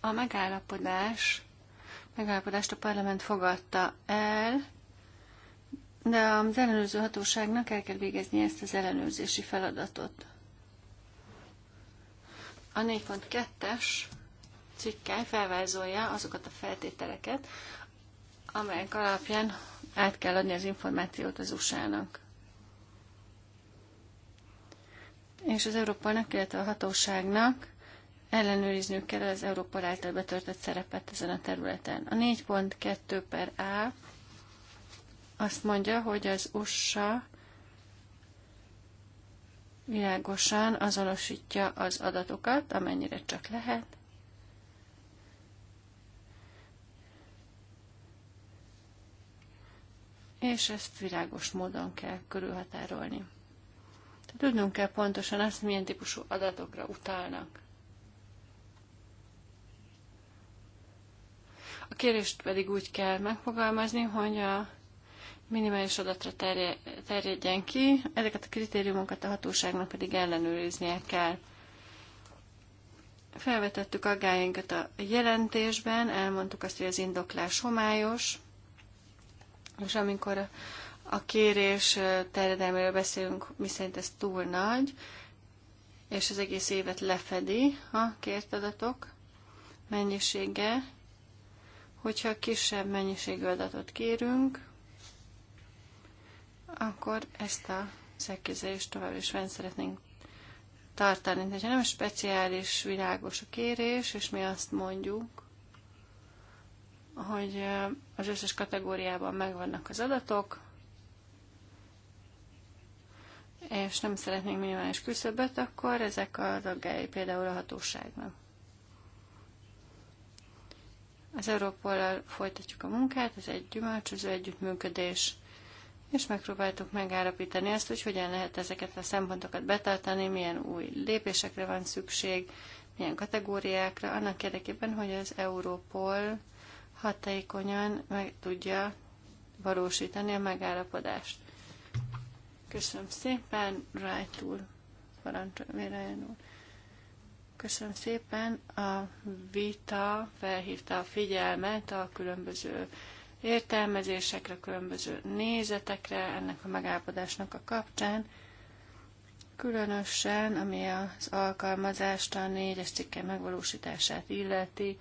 A megállapodás, megállapodást a parlament fogadta el, de az ellenőrző hatóságnak el kell végezni ezt az ellenőrzési feladatot. A 4.2-es cikkely felvázolja azokat a feltételeket, amelyek alapján át kell adni az információt az USA-nak. És az Európának, illetve a hatóságnak ellenőrizniük kell az Európa által betöltött szerepet ezen a területen. A 4.2 per A azt mondja, hogy az USA világosan azonosítja az adatokat, amennyire csak lehet. És ezt világos módon kell körülhatárolni. Tehát tudnunk kell pontosan azt, milyen típusú adatokra utalnak. A kérést pedig úgy kell megfogalmazni, hogy a minimális adatra terjedjen ki, ezeket a kritériumokat a hatóságnak pedig ellenőriznie kell. Felvetettük aggájainkat a jelentésben, elmondtuk azt, hogy az indoklás homályos, és amikor a kérés terjedelméről beszélünk, miszerint ez túl nagy, és az egész évet lefedi a kért adatok mennyisége, hogyha kisebb mennyiségű adatot kérünk, akkor ezt a szekézést tovább is fenn szeretnénk tartani. Tehát nem speciális, világos a kérés, és mi azt mondjuk, hogy az összes kategóriában megvannak az adatok, és nem szeretnénk minimális küszöböt, akkor ezek a dolgai például a hatóságnak. Az Európollal folytatjuk a munkát, ez egy gyümölcsöző együttműködés, és megpróbáltuk megállapítani azt, hogy hogyan lehet ezeket a szempontokat betartani, milyen új lépésekre van szükség, milyen kategóriákra, annak érdekében, hogy az Európol hatékonyan meg tudja valósítani a megállapodást. Köszönöm szépen, Wright úr, parancsoljon úr. Köszönöm szépen, a vita felhívta a figyelmet a különböző értelmezésekre, különböző nézetekre ennek a megállapodásnak a kapcsán, különösen ami az alkalmazást a négyes cikke megvalósítását illeti.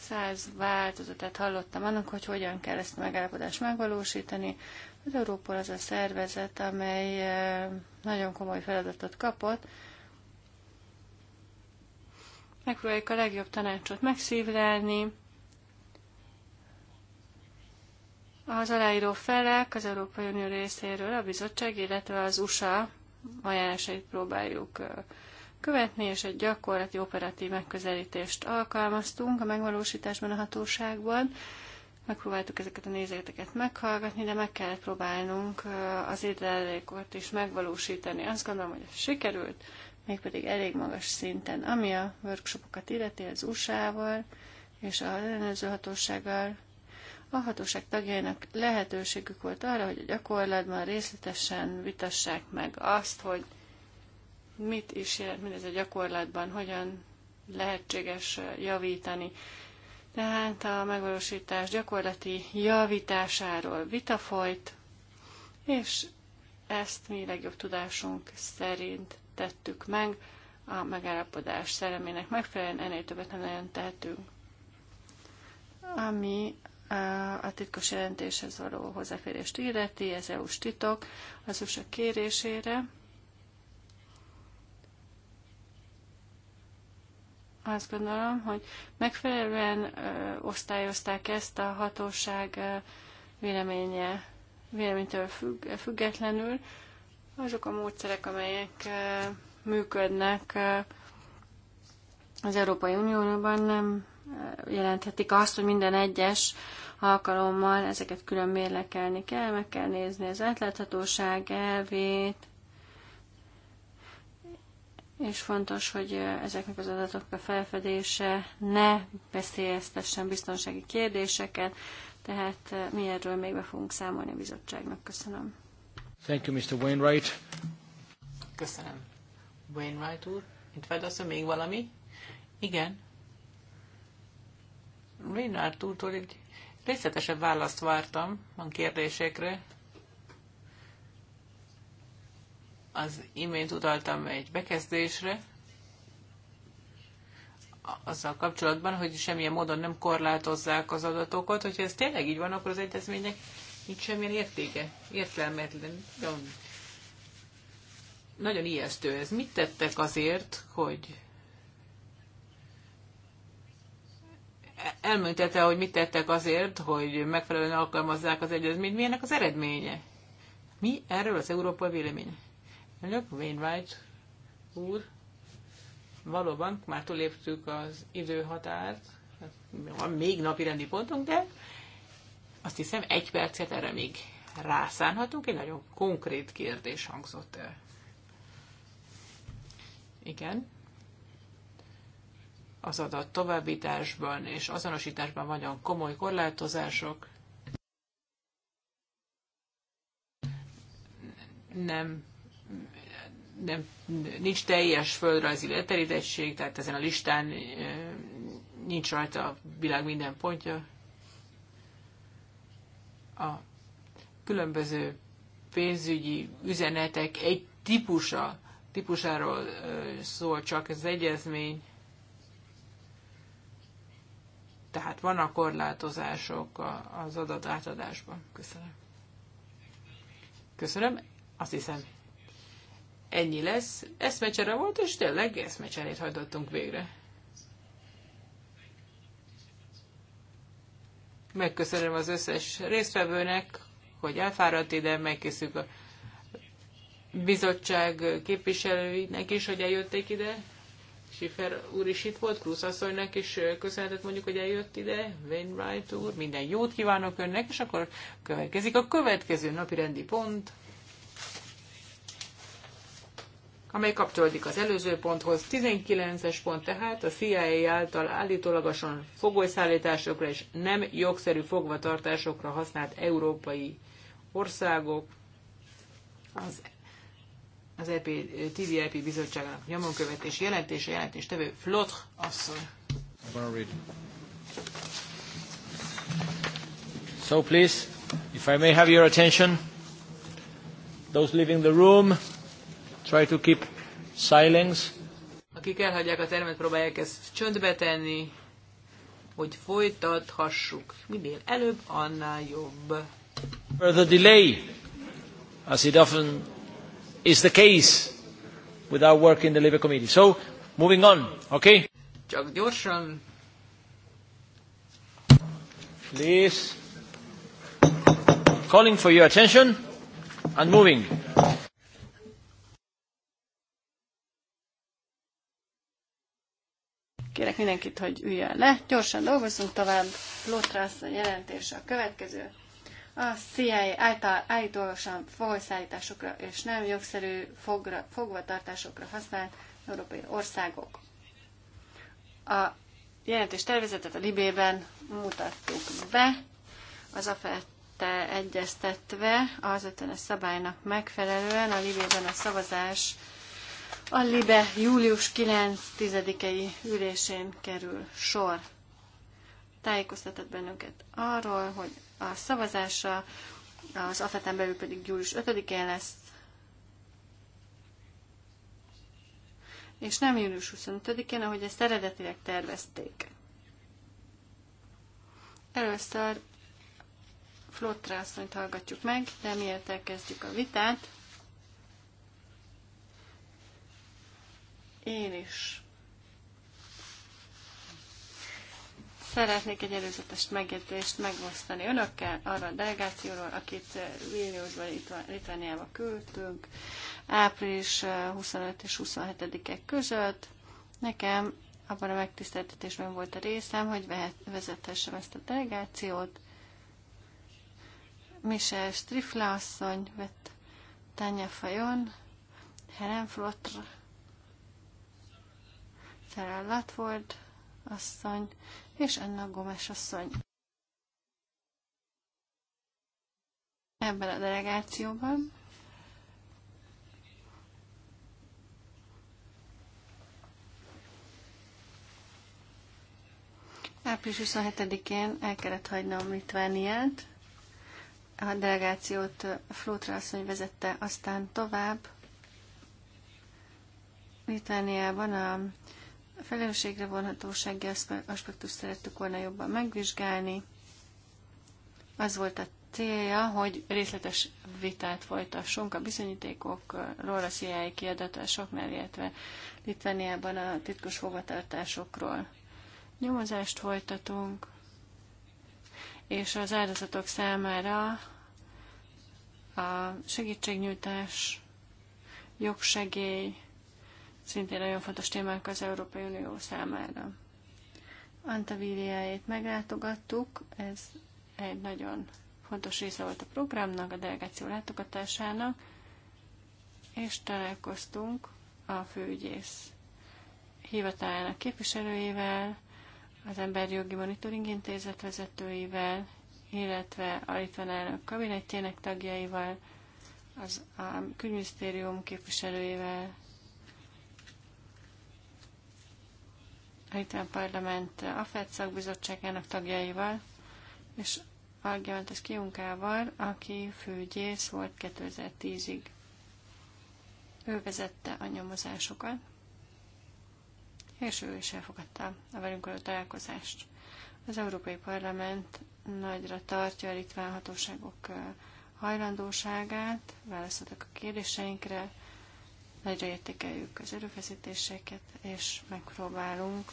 Száz változatát hallottam annak, hogy hogyan kell ezt a megállapodást megvalósítani. Az Európol az a szervezet, amely eh, nagyon komoly feladatot kapott, megpróbáljuk a legjobb tanácsot megszívlelni, Az aláíró felek az Európai Unió részéről a bizottság, illetve az USA ajánlásait próbáljuk követni, és egy gyakorlati operatív megközelítést alkalmaztunk a megvalósításban a hatóságban. Megpróbáltuk ezeket a nézeteket meghallgatni, de meg kellett próbálnunk az ételékot is megvalósítani. Azt gondolom, hogy ez sikerült, mégpedig elég magas szinten. Ami a workshopokat illeti az USA-val és az ellenőrző hatósággal a hatóság tagjainak lehetőségük volt arra, hogy a gyakorlatban részletesen vitassák meg azt, hogy mit is jelent mindez a gyakorlatban, hogyan lehetséges javítani. Tehát a megvalósítás gyakorlati javításáról vita folyt, és ezt mi legjobb tudásunk szerint tettük meg, a megállapodás szellemének megfelelően, ennél többet nem nagyon tehetünk. Ami a titkos jelentéshez való hozzáférést illeti, ez EU-s titok, az USA kérésére. Azt gondolom, hogy megfelelően ö, osztályozták ezt a hatóság ö, véleménye, véleménytől függ, függetlenül. Azok a módszerek, amelyek ö, működnek ö, az Európai Unióban nem jelenthetik azt, hogy minden egyes alkalommal ezeket külön mérlekelni kell, meg kell nézni az átláthatóság elvét, és fontos, hogy ezeknek az adatoknak a felfedése ne veszélyeztessen biztonsági kérdéseket, tehát eh, mi erről még be fogunk számolni a bizottságnak. Köszönöm. Thank you, Mr. Wainwright. Köszönöm. Wainwright úr, itt asszony, még valami? Igen. Reinhardt úrtól egy részletesebb választ vártam a kérdésekre. Az imént utaltam egy bekezdésre, azzal kapcsolatban, hogy semmilyen módon nem korlátozzák az adatokat. Hogyha ez tényleg így van, akkor az egyezménynek nincs semmilyen értéke, értelmetlen. Nagyon, nagyon ijesztő ez. Mit tettek azért, hogy elmöntette, hogy mit tettek azért, hogy megfelelően alkalmazzák az egyezményt. Milyenek az eredménye? Mi erről az európai vélemény? Önök, Wainwright úr, valóban már túléptük az időhatárt, van még napi rendi pontunk, de azt hiszem egy percet erre még rászánhatunk. Egy nagyon konkrét kérdés hangzott el. Igen az adat továbbításban és azonosításban vagyon komoly korlátozások. Nem, nem, nincs teljes földrajzi leterítettség, tehát ezen a listán nincs rajta a világ minden pontja. A különböző pénzügyi üzenetek egy típusa, típusáról szól csak ez az egyezmény, tehát vannak korlátozások az adat átadásban. Köszönöm. Köszönöm, azt hiszem ennyi lesz. Eszmecsere volt, és tényleg eszmecserét hajtottunk végre. Megköszönöm az összes résztvevőnek, hogy elfáradt ide, megkészüljük a bizottság képviselőinek is, hogy eljötték ide. Schiffer úr is itt volt, Krusz asszonynak is köszönetet mondjuk, hogy eljött ide, Wainwright úr, minden jót kívánok önnek, és akkor következik a következő napi rendi pont, amely kapcsolódik az előző ponthoz. 19-es pont tehát a CIA által állítólagosan fogolyszállításokra és nem jogszerű fogvatartásokra használt európai országok az az EP, TVIP e bizottságának nyomonkövetési jelentése, jelentés tevő Flotr asszony. So please, if I may have your attention, those leaving the room, try to keep silence. Akik elhagyják a termet, próbálják ezt csöndbe tenni, hogy folytathassuk. Minél előbb, annál jobb. Further delay, as it often is the case with our work in the Labour Committee. So, moving on, okay? Csak gyorsan. Please. Calling for your attention and moving. Kérek mindenkit, hogy üljön le. Gyorsan dolgozzunk tovább. Lotrász a jelentése a következő a CIA által állítólagosan fogolyszállításokra és nem jogszerű fogra, fogvatartásokra használt európai országok. A jelentés tervezetet a Libében mutattuk be, az a tel egyeztetve az ötönes szabálynak megfelelően a Libében a szavazás a Libe július 9-10-i ülésén kerül sor tájékoztatott bennünket arról, hogy a szavazása az afetán belül pedig július 5-én lesz, és nem július 25-én, ahogy ezt eredetileg tervezték. Először Flottra asszonyt hallgatjuk meg, de miért elkezdjük a vitát, én is Szeretnék egy előzetes megjegyzést megosztani önökkel arra a delegációról, akit eh, Vilniusba, Litvániába küldtünk április 25 eh, és 27-ek között. Nekem abban a megtiszteltetésben volt a részem, hogy vezethessem ezt a delegációt. Michel Strifla asszony vett Tanya Fajon, Helen Flotr, Sarah Latford asszony és Anna Gomes asszony. Ebben a delegációban Április 27-én el kellett hagynom Litvániát. A delegációt Flótra asszony vezette, aztán tovább. Litvániában a felelősségre vonhatósági aspektus szerettük volna jobban megvizsgálni. Az volt a célja, hogy részletes vitát folytassunk a bizonyítékokról, a CIA kiadatásoknál, illetve Litvániában a titkos fogatartásokról. Nyomozást folytatunk, és az áldozatok számára a segítségnyújtás, jogsegély, szintén nagyon fontos témák az Európai Unió számára. Antavíliájét meglátogattuk, ez egy nagyon fontos része volt a programnak, a delegáció látogatásának, és találkoztunk a főügyész hivatalának képviselőjével, az Emberjogi Monitoring Intézet vezetőivel, illetve a Litván elnök kabinettjének tagjaival, az a külügyminisztérium képviselőjével, itt parlament AFED szakbizottságának tagjaival, és Argyaltes Kiunkával, aki főgyész volt 2010-ig. Ő vezette a nyomozásokat, és ő is elfogadta a velünk való találkozást. Az Európai Parlament nagyra tartja a litván hatóságok hajlandóságát, válaszoltak a kérdéseinkre, Nagyra értékeljük az erőfeszítéseket, és megpróbálunk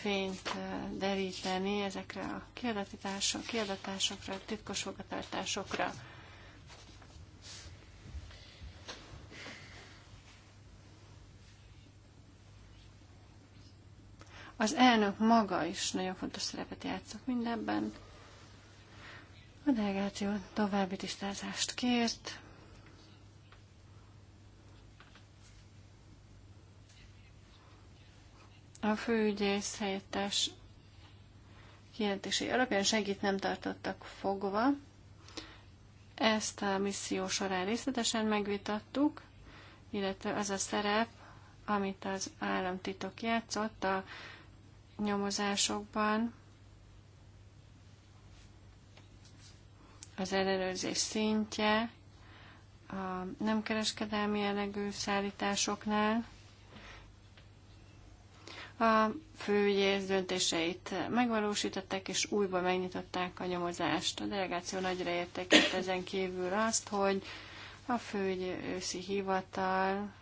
fényt eh, deríteni ezekre a kiadatítások, kiadatásokra, titkos fogatartásokra. Az elnök maga is nagyon fontos szerepet játszott mindebben. A delegáció további tisztázást kért, A főügyész helyettes kijelentései alapján segít nem tartottak fogva. Ezt a misszió során részletesen megvitattuk, illetve az a szerep, amit az államtitok játszott a nyomozásokban, az ellenőrzés szintje, a nem kereskedelmi jellegű szállításoknál, a főügyész döntéseit megvalósították, és újba megnyitották a nyomozást. A delegáció nagyra értékelt ezen kívül azt, hogy a őszi hivatal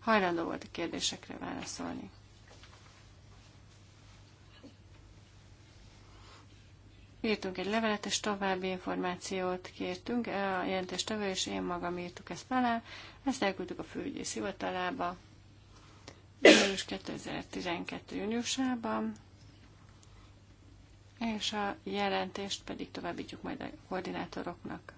hajlandó volt a kérdésekre válaszolni. Írtunk egy levelet, és további információt kértünk, a jelentéstevő és én magam írtuk ezt alá, ezt elküldtük a főügyész hivatalába, június 2012. júniusában, és a jelentést pedig továbbítjuk majd a koordinátoroknak.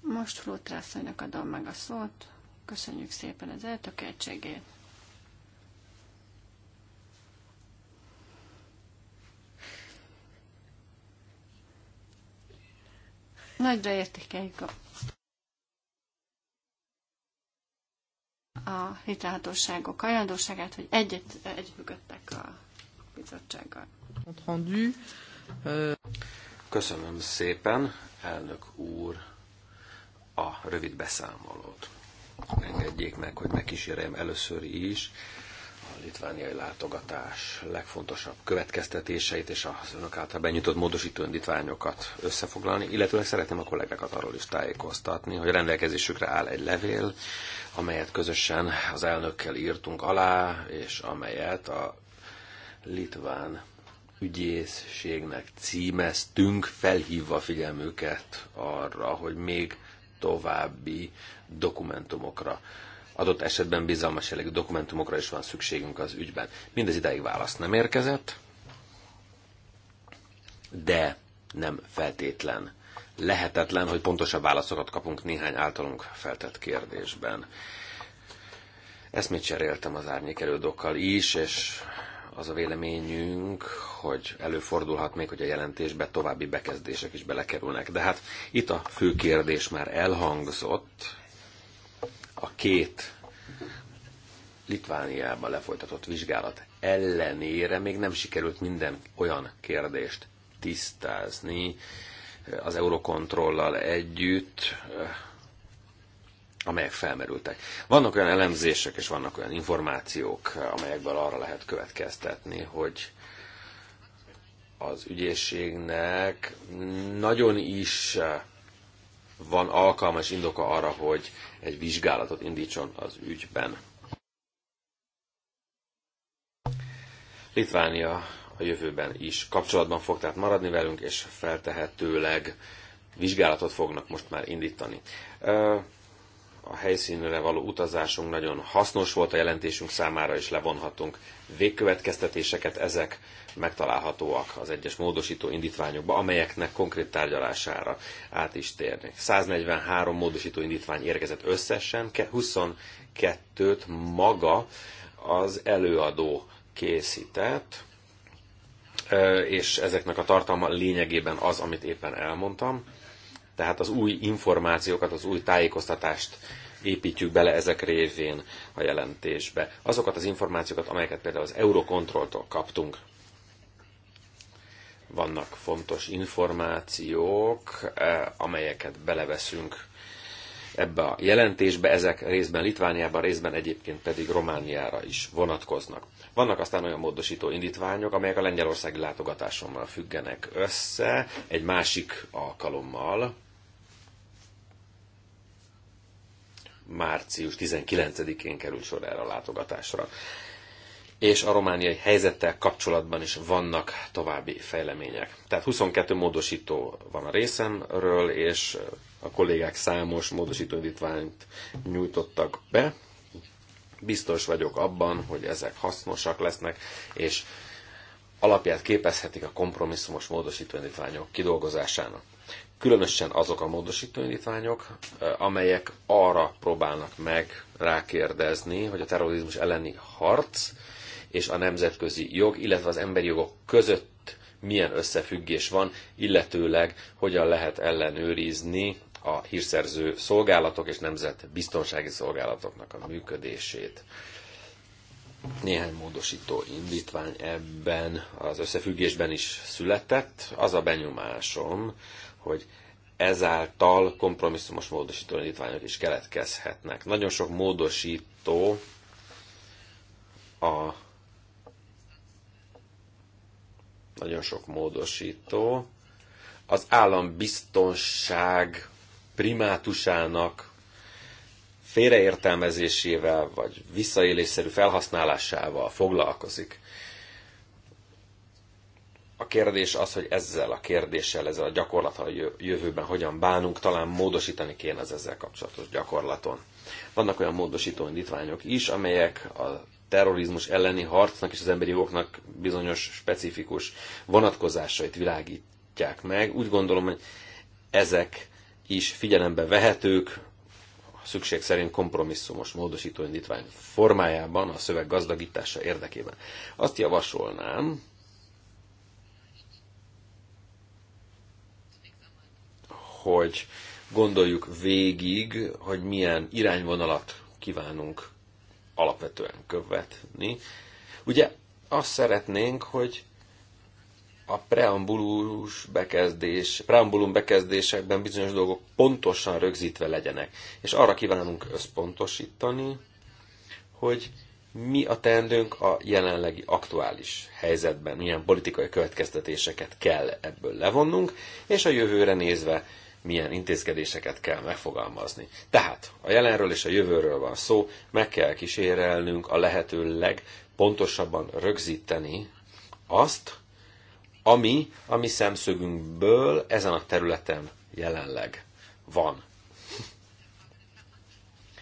Most Flótrászonynak adom meg a szót. Köszönjük szépen az eltökéltségét. Nagyra értékeljük a a hitelhatóságok ajándóságát, hogy egyet, együttműködtek a bizottsággal. Euh, Köszönöm szépen, elnök úr, a rövid beszámolót. Engedjék meg, hogy megkísérjem először is litvániai látogatás legfontosabb következtetéseit és az önök által benyújtott módosító indítványokat összefoglalni, illetőleg szeretném a kollégákat arról is tájékoztatni, hogy a rendelkezésükre áll egy levél, amelyet közösen az elnökkel írtunk alá, és amelyet a litván ügyészségnek címeztünk, felhívva figyelmüket arra, hogy még további dokumentumokra adott esetben bizalmas jellegű dokumentumokra is van szükségünk az ügyben. Mindez ideig válasz nem érkezett, de nem feltétlen lehetetlen, hogy pontosabb válaszokat kapunk néhány általunk feltett kérdésben. Ezt még cseréltem az árnyékelődokkal is, és az a véleményünk, hogy előfordulhat még, hogy a jelentésbe további bekezdések is belekerülnek. De hát itt a fő kérdés már elhangzott, a két Litvániában lefolytatott vizsgálat ellenére még nem sikerült minden olyan kérdést tisztázni az Eurokontrollal együtt, eh, amelyek felmerültek. Vannak olyan elemzések és vannak olyan információk, amelyekből arra lehet következtetni, hogy az ügyészségnek nagyon is eh, van alkalma és indoka arra, hogy egy vizsgálatot indítson az ügyben. Litvánia a jövőben is kapcsolatban fog tehát maradni velünk, és feltehetőleg vizsgálatot fognak most már indítani a helyszínre való utazásunk nagyon hasznos volt a jelentésünk számára, és levonhatunk végkövetkeztetéseket. Ezek megtalálhatóak az egyes módosító indítványokba, amelyeknek konkrét tárgyalására át is térnek. 143 módosító indítvány érkezett összesen, 22-t maga az előadó készített, és ezeknek a tartalma lényegében az, amit éppen elmondtam tehát az új információkat, az új tájékoztatást építjük bele ezek révén a jelentésbe. Azokat az információkat, amelyeket például az Eurocontroltól kaptunk, vannak fontos információk, eh, amelyeket beleveszünk ebbe a jelentésbe, ezek részben Litvániában, részben egyébként pedig Romániára is vonatkoznak. Vannak aztán olyan módosító indítványok, amelyek a lengyelországi látogatásommal függenek össze, egy másik alkalommal, március 19-én került sor erre a látogatásra. És a romániai helyzettel kapcsolatban is vannak további fejlemények. Tehát 22 módosító van a részemről, és a kollégák számos indítványt nyújtottak be. Biztos vagyok abban, hogy ezek hasznosak lesznek, és alapját képezhetik a kompromisszumos indítványok kidolgozásának. Különösen azok a módosító indítványok, eh, amelyek arra próbálnak meg rákérdezni, hogy a terrorizmus elleni harc és a nemzetközi jog, illetve az emberi jogok között milyen összefüggés van, illetőleg hogyan lehet ellenőrizni a hírszerző szolgálatok és nemzetbiztonsági szolgálatoknak a működését. Néhány módosító indítvány ebben az összefüggésben is született. Az a benyomásom, hogy ezáltal kompromisszumos módosító indítványok is keletkezhetnek. Nagyon sok módosító a nagyon sok módosító az állambiztonság primátusának félreértelmezésével vagy visszaélésszerű felhasználásával foglalkozik a kérdés az, hogy ezzel a kérdéssel, ezzel a gyakorlattal jövőben hogyan bánunk, talán módosítani kéne az ezzel kapcsolatos gyakorlaton. Vannak olyan módosító indítványok is, amelyek a terrorizmus elleni harcnak és az emberi jogoknak bizonyos specifikus vonatkozásait világítják meg. Úgy gondolom, hogy ezek is figyelembe vehetők, szükség szerint kompromisszumos módosító indítvány formájában a szöveg gazdagítása érdekében. Azt javasolnám, hogy gondoljuk végig, hogy milyen irányvonalat kívánunk alapvetően követni. Ugye azt szeretnénk, hogy a preambulus bekezdés, preambulum bekezdésekben bizonyos dolgok pontosan rögzítve legyenek. És arra kívánunk összpontosítani, hogy mi a teendőnk a jelenlegi aktuális helyzetben, milyen politikai következtetéseket kell ebből levonnunk, és a jövőre nézve milyen intézkedéseket kell megfogalmazni. Tehát a jelenről és a jövőről van szó, meg kell kísérelnünk a lehető legpontosabban rögzíteni azt, ami a mi szemszögünkből ezen a területen jelenleg van.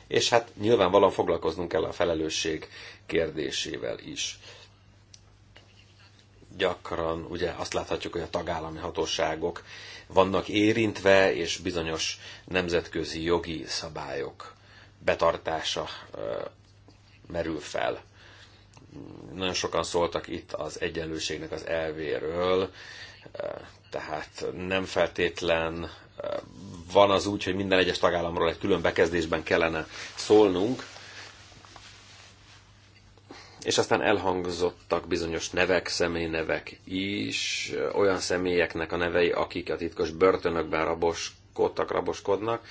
És hát nyilvánvalóan foglalkoznunk kell a felelősség kérdésével is. Gyakran ugye azt láthatjuk, hogy a tagállami hatóságok vannak érintve, és bizonyos nemzetközi jogi szabályok betartása merül fel. Nagyon sokan szóltak itt az egyenlőségnek az elvéről, tehát nem feltétlen van az úgy, hogy minden egyes tagállamról egy külön bekezdésben kellene szólnunk, és aztán elhangzottak bizonyos nevek, személynevek is, olyan személyeknek a nevei, akik a titkos börtönökben raboskodtak, raboskodnak.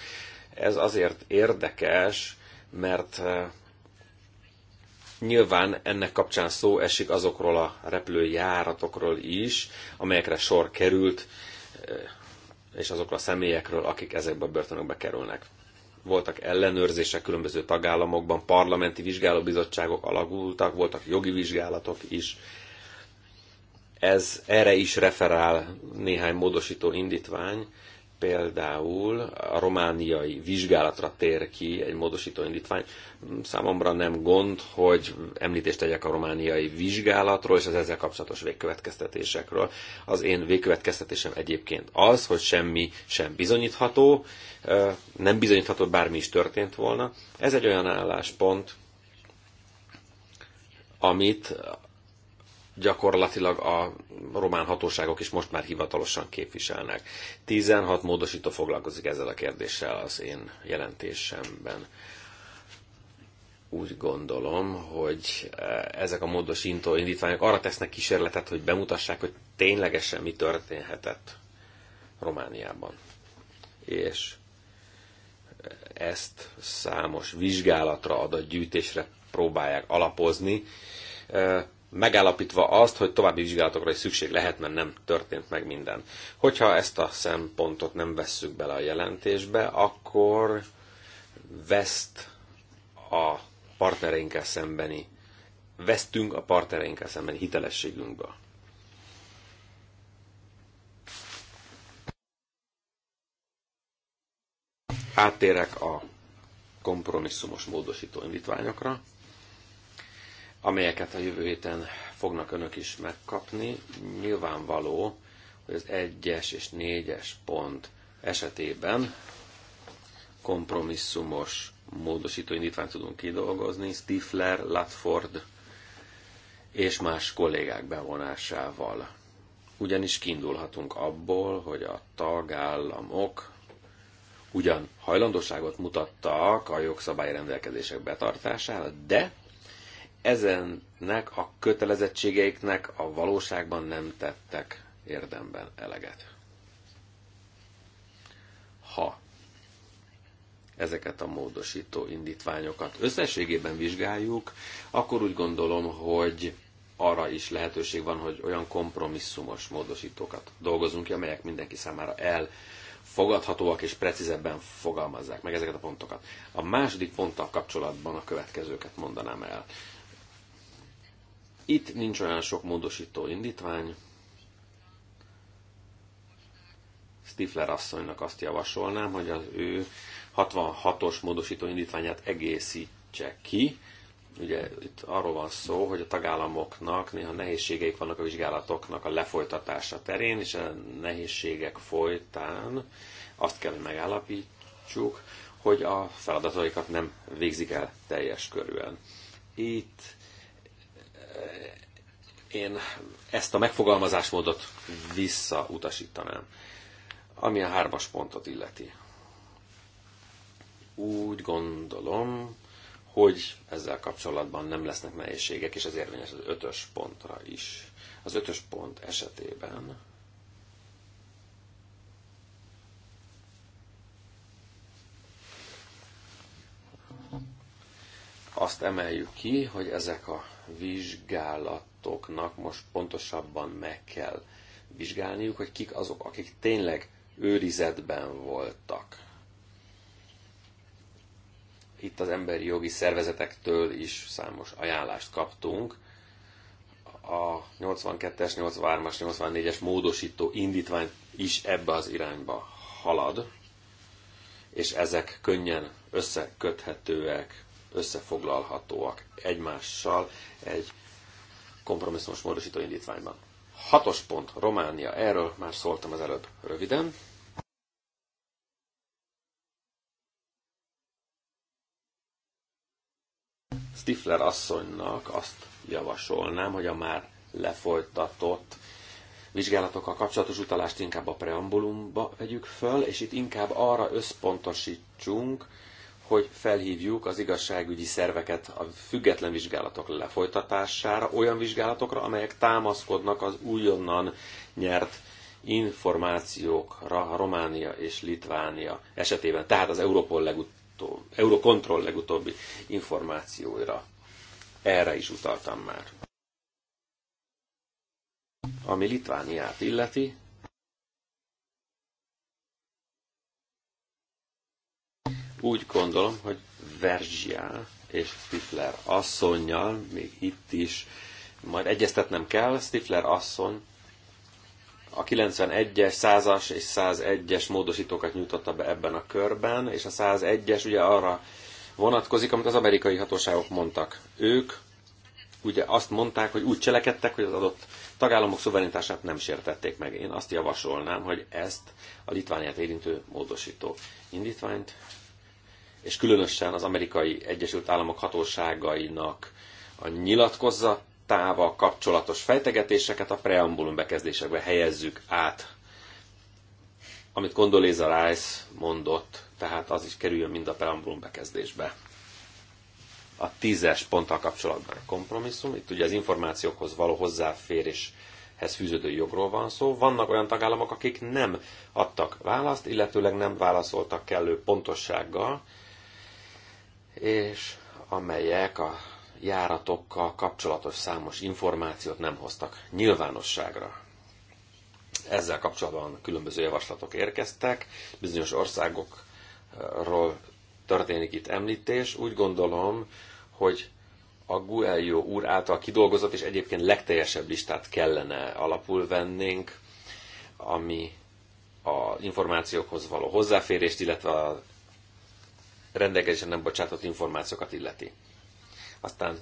Ez azért érdekes, mert eh, nyilván ennek kapcsán szó esik azokról a repülőjáratokról is, amelyekre sor került, eh, és azokról a személyekről, akik ezekbe a börtönökbe kerülnek voltak ellenőrzések különböző tagállamokban, parlamenti vizsgálóbizottságok alakultak, voltak jogi vizsgálatok is. Ez erre is referál néhány módosító indítvány, például a romániai vizsgálatra tér ki egy módosító indítvány. Számomra nem gond, hogy említést tegyek a romániai vizsgálatról és az ezzel kapcsolatos végkövetkeztetésekről. Az én végkövetkeztetésem egyébként az, hogy semmi sem bizonyítható, nem bizonyítható, hogy bármi is történt volna. Ez egy olyan álláspont, amit gyakorlatilag a román hatóságok is most már hivatalosan képviselnek. 16 módosító foglalkozik ezzel a kérdéssel az én jelentésemben. Úgy gondolom, hogy e, ezek a módosító indítványok arra tesznek kísérletet, hogy bemutassák, hogy ténylegesen mi történhetett Romániában. És ezt számos vizsgálatra, adatgyűjtésre próbálják alapozni e, megállapítva azt, hogy további vizsgálatokra is szükség lehet, mert nem történt meg minden. Hogyha ezt a szempontot nem vesszük bele a jelentésbe, akkor veszt a partnereinkkel szembeni, vesztünk a partnereinkkel szembeni hitelességünkből. Áttérek a kompromisszumos módosító indítványokra amelyeket a jövő héten fognak önök is megkapni. Nyilvánvaló, hogy az egyes és négyes pont esetében kompromisszumos módosító indítványt tudunk kidolgozni, Stifler, Latford és más kollégák bevonásával. Ugyanis kiindulhatunk abból, hogy a tagállamok ugyan hajlandóságot mutattak a jogszabályi rendelkezések betartására, de ezennek a kötelezettségeiknek a valóságban nem tettek érdemben eleget. Ha ezeket a módosító indítványokat összességében vizsgáljuk, akkor úgy gondolom, hogy arra is lehetőség van, hogy olyan kompromisszumos módosítókat dolgozunk ki, amelyek mindenki számára elfogadhatóak és precízebben fogalmazzák meg ezeket a pontokat. A második ponttal kapcsolatban a következőket mondanám el. Itt nincs olyan sok módosító indítvány. Stifler asszonynak azt javasolnám, hogy az ő 66-os módosító indítványát egészítse ki. Ugye itt arról van szó, hogy a tagállamoknak néha nehézségeik vannak a vizsgálatoknak a lefolytatása terén, és a nehézségek folytán azt kell, hogy megállapítsuk, hogy a feladataikat nem végzik el teljes körülön. Itt én ezt a megfogalmazásmódot visszautasítanám, ami a hármas pontot illeti. Úgy gondolom, hogy ezzel kapcsolatban nem lesznek nehézségek, és ez érvényes az ötös pontra is. Az ötös pont esetében azt emeljük ki, hogy ezek a vizsgálatoknak most pontosabban meg kell vizsgálniuk, hogy kik azok, akik tényleg őrizetben voltak. Itt az emberi jogi szervezetektől is számos ajánlást kaptunk. A 82-es, 83-as, 84-es módosító indítvány is ebbe az irányba halad, és ezek könnyen összeköthetőek összefoglalhatóak egymással egy kompromisszumos módosító indítványban. Hatos pont, Románia, erről már szóltam az előbb röviden. Stifler asszonynak azt javasolnám, hogy a már lefolytatott vizsgálatokkal kapcsolatos utalást inkább a preambulumba vegyük föl, és itt inkább arra összpontosítsunk, hogy felhívjuk az igazságügyi szerveket a független vizsgálatok lefolytatására, olyan vizsgálatokra, amelyek támaszkodnak az újonnan nyert információkra Románia és Litvánia esetében, tehát az Europol legutóbb, Eurocontrol legutóbbi információira. Erre is utaltam már. Ami Litvániát illeti, Úgy gondolom, hogy Verzsiá és Stifler asszonynal még itt is majd egyeztetnem kell. Stifler asszony a 91-es, 100-as és 101-es módosítókat nyújtotta be ebben a körben, és a 101-es ugye arra vonatkozik, amit az amerikai hatóságok mondtak. Ők ugye azt mondták, hogy úgy cselekedtek, hogy az adott tagállamok szuverenitását nem sértették meg. Én azt javasolnám, hogy ezt a Litvániát érintő módosító indítványt és különösen az amerikai Egyesült Államok hatóságainak a nyilatkozatával kapcsolatos fejtegetéseket a preambulum bekezdésekbe helyezzük át. Amit Condoleezza Rice mondott, tehát az is kerüljön mind a preambulum bekezdésbe. A tízes ponttal kapcsolatban a kompromisszum, itt ugye az információkhoz való hozzáférés ez fűződő jogról van szó. Vannak olyan tagállamok, akik nem adtak választ, illetőleg nem válaszoltak kellő pontossággal, és amelyek a járatokkal kapcsolatos számos információt nem hoztak nyilvánosságra. Ezzel kapcsolatban különböző javaslatok érkeztek, bizonyos országokról történik itt említés. Úgy gondolom, hogy a Guelio úr által kidolgozott, és egyébként legteljesebb listát kellene alapul vennénk, ami a információkhoz való hozzáférést, illetve az rendelkezésre nem bocsátott információkat illeti. Aztán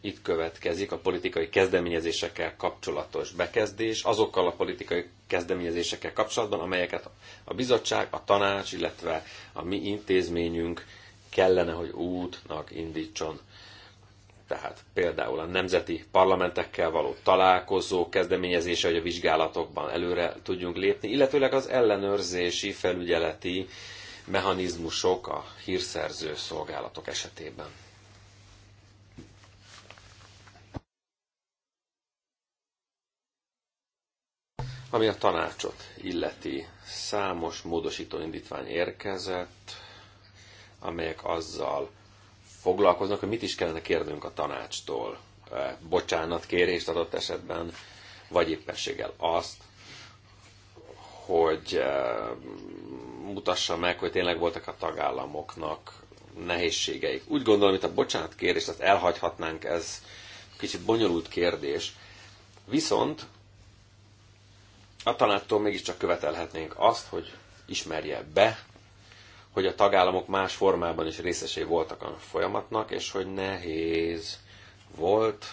itt következik a politikai kezdeményezésekkel kapcsolatos bekezdés, azokkal a politikai kezdeményezésekkel kapcsolatban, amelyeket a bizottság, a tanács, illetve a mi intézményünk kellene, hogy útnak indítson. Tehát például a nemzeti parlamentekkel való találkozó kezdeményezése, hogy a vizsgálatokban előre tudjunk lépni, illetőleg az ellenőrzési, felügyeleti mechanizmusok a hírszerző szolgálatok esetében. Ami a tanácsot illeti, számos módosító indítvány érkezett, amelyek azzal foglalkoznak, hogy mit is kellene kérnünk a tanácstól. E, bocsánat kérést adott esetben, vagy éppességgel azt, hogy e, mutassa meg, hogy tényleg voltak a tagállamoknak nehézségeik. Úgy gondolom, itt a bocsánat kérdés, azt elhagyhatnánk, ez kicsit bonyolult kérdés. Viszont a tanáttól mégiscsak követelhetnénk azt, hogy ismerje be, hogy a tagállamok más formában is részesei voltak a folyamatnak, és hogy nehéz volt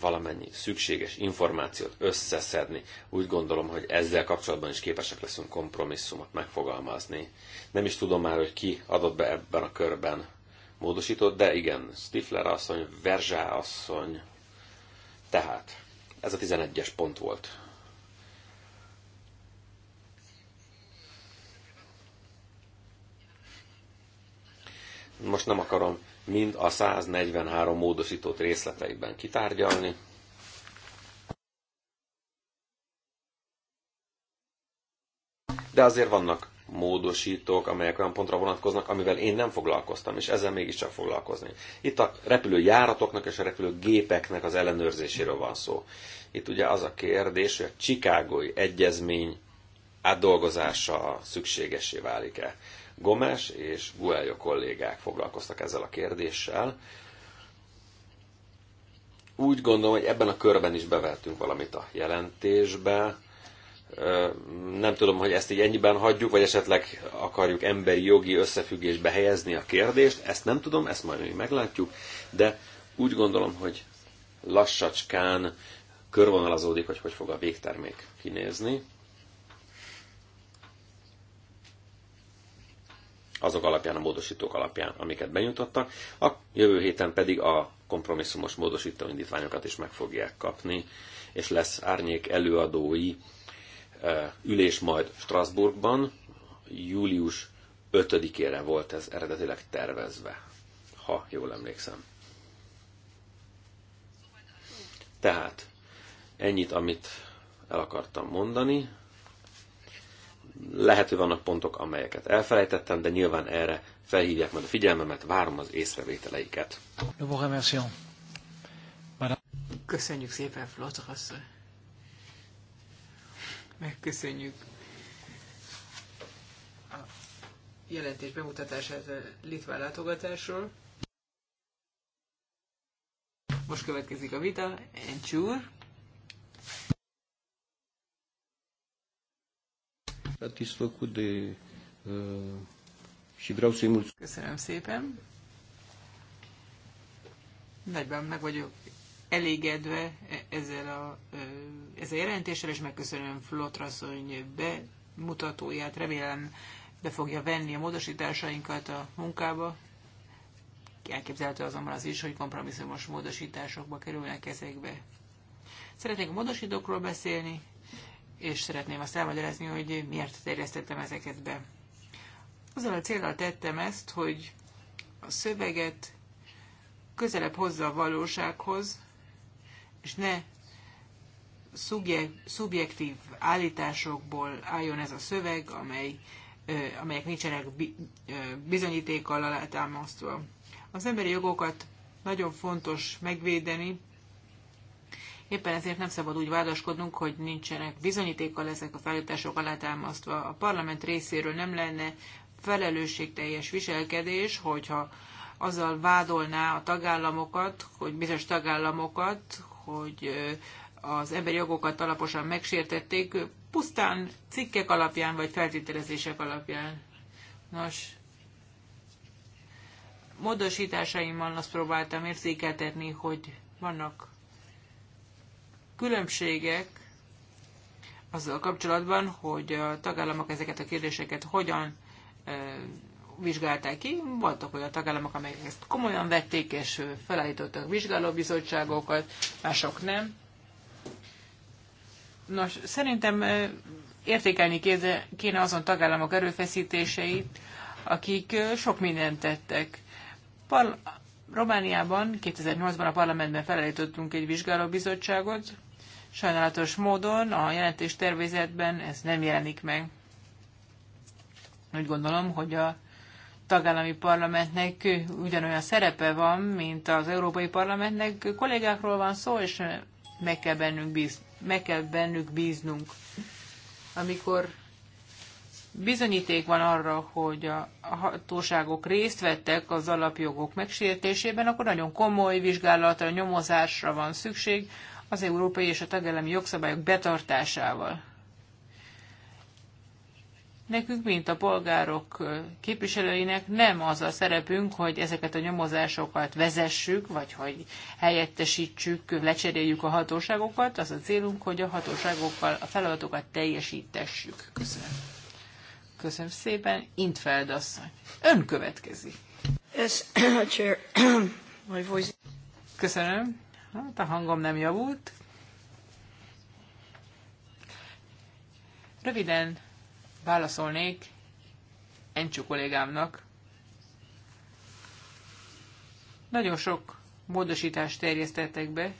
valamennyi szükséges információt összeszedni. Úgy gondolom, hogy ezzel kapcsolatban is képesek leszünk kompromisszumot megfogalmazni. Nem is tudom már, hogy ki adott be ebben a körben módosított, de igen, Stifler asszony, Verzsá asszony. Tehát, ez a 11-es pont volt. Most nem akarom mind a 143 módosított részleteiben kitárgyalni. De azért vannak módosítók, amelyek olyan pontra vonatkoznak, amivel én nem foglalkoztam, és ezzel mégiscsak foglalkozni. Itt a repülőjáratoknak és a repülőgépeknek az ellenőrzéséről van szó. Itt ugye az a kérdés, hogy a Csikágoi Egyezmény átdolgozása szükségesé válik-e. Gomes és Guelio kollégák foglalkoztak ezzel a kérdéssel. Úgy gondolom, hogy ebben a körben is bevettünk valamit a jelentésbe. Nem tudom, hogy ezt így ennyiben hagyjuk, vagy esetleg akarjuk emberi jogi összefüggésbe helyezni a kérdést. Ezt nem tudom, ezt majd még meglátjuk, de úgy gondolom, hogy lassacskán körvonalazódik, hogy hogy fog a végtermék kinézni. azok alapján, a módosítók alapján, amiket benyújtottak. A jövő héten pedig a kompromisszumos módosító indítványokat is meg fogják kapni, és lesz árnyék előadói ülés majd Strasbourgban. Július 5-ére volt ez eredetileg tervezve, ha jól emlékszem. Tehát ennyit, amit el akartam mondani. Lehet, hogy vannak pontok, amelyeket elfelejtettem, de nyilván erre felhívják majd a figyelmemet, várom az észrevételeiket. Köszönjük szépen, Flotra Megköszönjük a jelentés bemutatását a Litván látogatásról. Most következik a vita. Encsúr! satisfăcut de... Uh, și vreau să-i mulțumesc. Köszönöm szépen. Nagyban meg vagyok elégedve ezzel a, uh, ezzel a jelentéssel, és megköszönöm Flotrasszony bemutatóját. Remélem be fogja venni a módosításainkat a munkába. Elképzelhető azonban az is, hogy kompromisszumos módosításokba kerülnek ezekbe. Szeretnék a módosítókról beszélni, és szeretném azt elmagyarázni, hogy miért terjesztettem ezeket be. Azzal a célral tettem ezt, hogy a szöveget közelebb hozza a valósághoz, és ne szubjektív állításokból álljon ez a szöveg, amely, amelyek nincsenek bizonyítékkal alátámasztva. Az emberi jogokat nagyon fontos megvédeni, Éppen ezért nem szabad úgy vádaskodnunk, hogy nincsenek bizonyítékkal ezek az állítások alátámasztva. A parlament részéről nem lenne felelősségteljes viselkedés, hogyha azzal vádolná a tagállamokat, hogy bizonyos tagállamokat, hogy az emberi jogokat alaposan megsértették, pusztán cikkek alapján vagy feltételezések alapján. Nos, módosításaimmal azt próbáltam érzékeltetni, hogy vannak különbségek azzal kapcsolatban, hogy a tagállamok ezeket a kérdéseket hogyan vizsgálták ki. Voltak olyan tagállamok, amelyek ezt komolyan vették, és felállítottak vizsgálóbizottságokat, mások nem. Nos, szerintem értékelni kéne azon tagállamok erőfeszítéseit, akik sok mindent tettek. Par- Romániában 2008-ban a parlamentben felállítottunk egy vizsgálóbizottságot, Sajnálatos módon a jelentés tervezetben ez nem jelenik meg. Úgy gondolom, hogy a tagállami parlamentnek ugyanolyan szerepe van, mint az Európai Parlamentnek. Kollégákról van szó, és meg kell bennünk, bíz, meg kell bennünk bíznunk. Amikor bizonyíték van arra, hogy a hatóságok részt vettek az alapjogok megsértésében, akkor nagyon komoly vizsgálatra, nyomozásra van szükség, az európai és a tagállami jogszabályok betartásával. Nekünk, mint a polgárok képviselőinek nem az a szerepünk, hogy ezeket a nyomozásokat vezessük, vagy hogy helyettesítsük, lecseréljük a hatóságokat. Az a célunk, hogy a hatóságokkal a feladatokat teljesítessük. Köszönöm. Köszönöm szépen. Intfeld asszony. Ön következik. Köszönöm. Hát a hangom nem javult. Röviden válaszolnék Encsú kollégámnak. Nagyon sok módosítást terjesztettek be,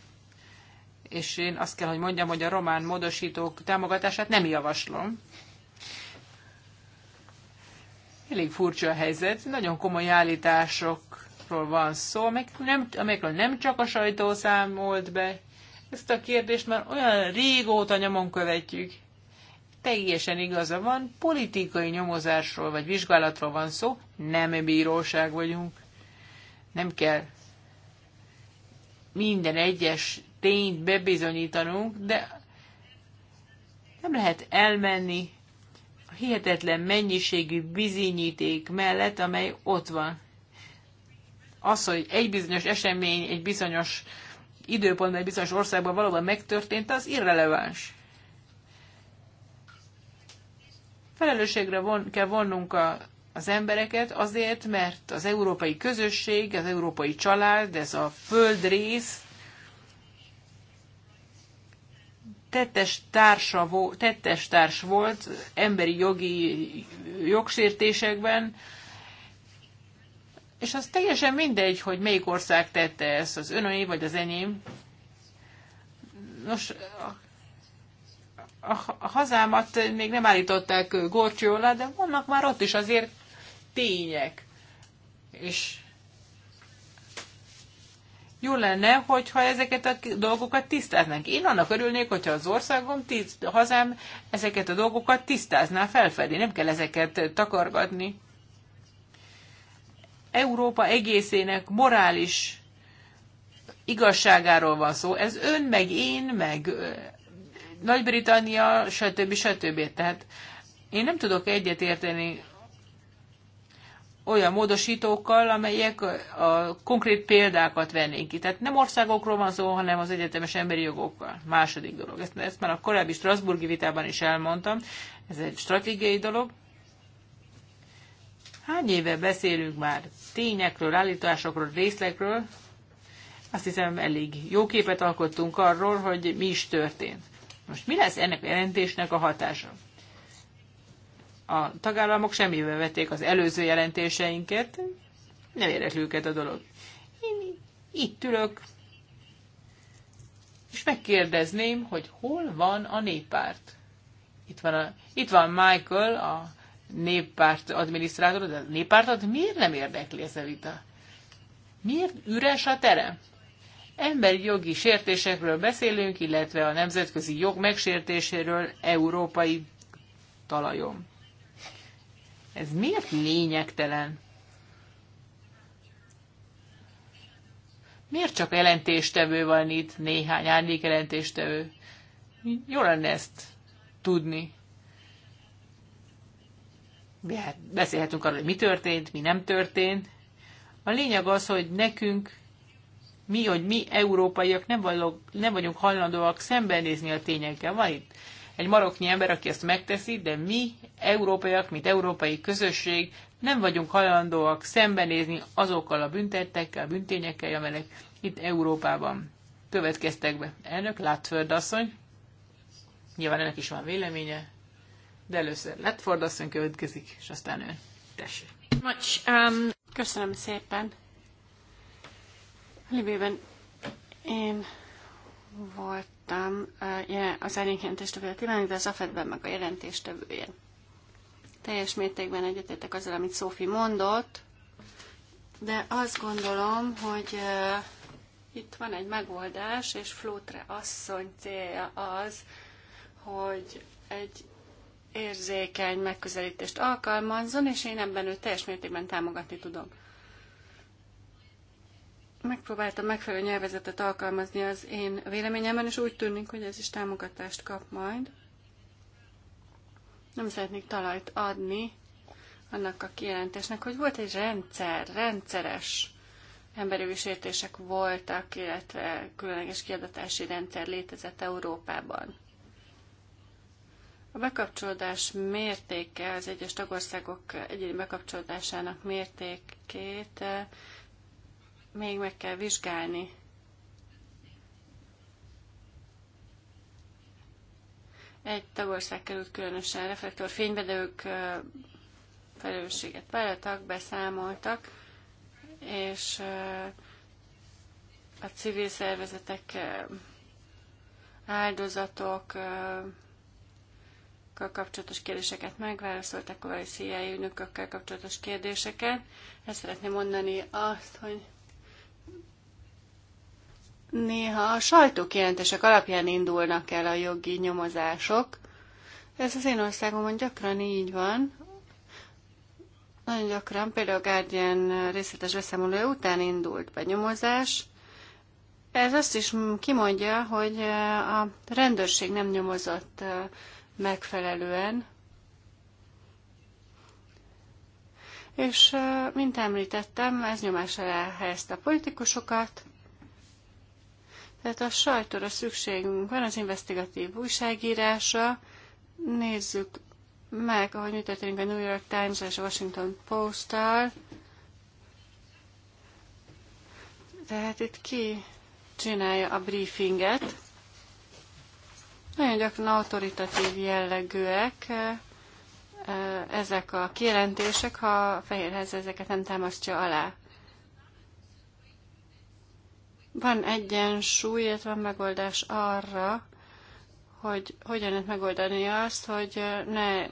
és én azt kell, hogy mondjam, hogy a román módosítók támogatását nem javaslom. Elég furcsa a helyzet, nagyon komoly állítások adatokról van szó, amik nem, amikről nem csak a sajtó számolt be. Ezt a kérdést már olyan régóta nyomon követjük. Teljesen igaza van, politikai nyomozásról vagy vizsgálatról van szó, nem bíróság vagyunk. Nem kell minden egyes tényt bebizonyítanunk, de nem lehet elmenni a hihetetlen mennyiségű bizonyíték mellett, amely ott van az, hogy egy bizonyos esemény egy bizonyos időpontban, egy bizonyos országban valóban megtörtént, az irreleváns. Felelősségre von, kell vonnunk a, az embereket azért, mert az európai közösség, az európai család, ez a földrész tettes, társa, tettes társ volt emberi jogi jogsértésekben, és az teljesen mindegy, hogy melyik ország tette ezt, az önöi vagy az enyém. Nos, a, a, a hazámat még nem állították gorcső alá, de vannak már ott is azért tények. És jó lenne, hogyha ezeket a dolgokat tisztáznánk. Én annak örülnék, hogyha az országom, tiszt, hazám ezeket a dolgokat tisztázná felfedni. Nem kell ezeket takargatni. Európa egészének morális igazságáról van szó. Ez ön, meg én, meg Nagy-Britannia, stb. stb. Tehát én nem tudok egyetérteni olyan módosítókkal, amelyek a konkrét példákat vennénk ki. Tehát nem országokról van szó, hanem az egyetemes emberi jogokkal. Második dolog. Ezt, ezt már a korábbi Strasburgi vitában is elmondtam. Ez egy stratégiai dolog. Hány éve beszélünk már tényekről, állításokról, részlekről? Azt hiszem, elég jó képet alkottunk arról, hogy mi is történt. Most mi lesz ennek a jelentésnek a hatása? A tagállamok semmibe vették az előző jelentéseinket, nem érdekli őket a dolog. Én itt ülök, és megkérdezném, hogy hol van a néppárt. Itt van, a, itt van Michael, a néppárt adminisztrátor, de a néppártat miért nem érdekli ez a vita? Miért üres a terem? Emberi jogi sértésekről beszélünk, illetve a nemzetközi jog megsértéséről európai talajon. Ez miért lényegtelen? Miért csak jelentéstevő van itt, néhány árnyék jelentéstevő? Jó lenne ezt tudni beszélhetünk arról, hogy mi történt, mi nem történt. A lényeg az, hogy nekünk, mi, hogy mi európaiak nem, vagyok, nem vagyunk hajlandóak szembenézni a tényekkel. Van itt egy maroknyi ember, aki ezt megteszi, de mi, európaiak, mint európai közösség, nem vagyunk hajlandóak szembenézni azokkal a büntettekkel, büntényekkel, amelyek itt Európában következtek be. Elnök látföldasszony, nyilván ennek is van véleménye, de először Letford asszony következik, és aztán ő. Tessék. Much, um... Köszönöm szépen. Libében én voltam uh, az árnyékjelentéstevője pillanat, de az AFED-ben meg a jelentéstevője. Teljes mértékben egyetértek azzal, amit Szófi mondott, de azt gondolom, hogy uh, itt van egy megoldás, és Flótre asszony célja az, hogy egy érzékeny megközelítést alkalmazzon, és én ebben őt teljes mértékben támogatni tudom. Megpróbáltam megfelelő nyelvezetet alkalmazni az én véleményemben, és úgy tűnik, hogy ez is támogatást kap majd. Nem szeretnék talajt adni annak a kijelentésnek, hogy volt egy rendszer, rendszeres emberi sértések voltak, illetve különleges kiadatási rendszer létezett Európában. A bekapcsolódás mértéke, az egyes tagországok egyéni bekapcsolódásának mértékét eh, még meg kell vizsgálni. Egy tagország került különösen reflektorfénybe, de ők eh, felelősséget vállaltak, beszámoltak, és eh, a civil szervezetek, áldozatok, kapcsolatos kérdéseket megválaszolták, a CIA ügynökökkel kapcsolatos kérdéseket. Ezt szeretném mondani azt, hogy néha a sajtókijelentések alapján indulnak el a jogi nyomozások. Ez az én országomon gyakran így van. Nagyon gyakran, például a Guardian részletes beszámolója után indult be nyomozás. Ez azt is kimondja, hogy a rendőrség nem nyomozott megfelelően. És, mint említettem, ez nyomás alá helyezte a politikusokat, tehát a sajtóra szükségünk van, az investigatív újságírásra. Nézzük meg, ahogy mi történik a New York Times és a Washington Post-tal. Tehát itt ki csinálja a briefinget. Nagyon gyakran autoritatív jellegűek ezek a kijelentések, ha a fehérhez ezeket nem támasztja alá. Van egyensúly, illetve megoldás arra, hogy hogyan lehet megoldani azt, hogy ne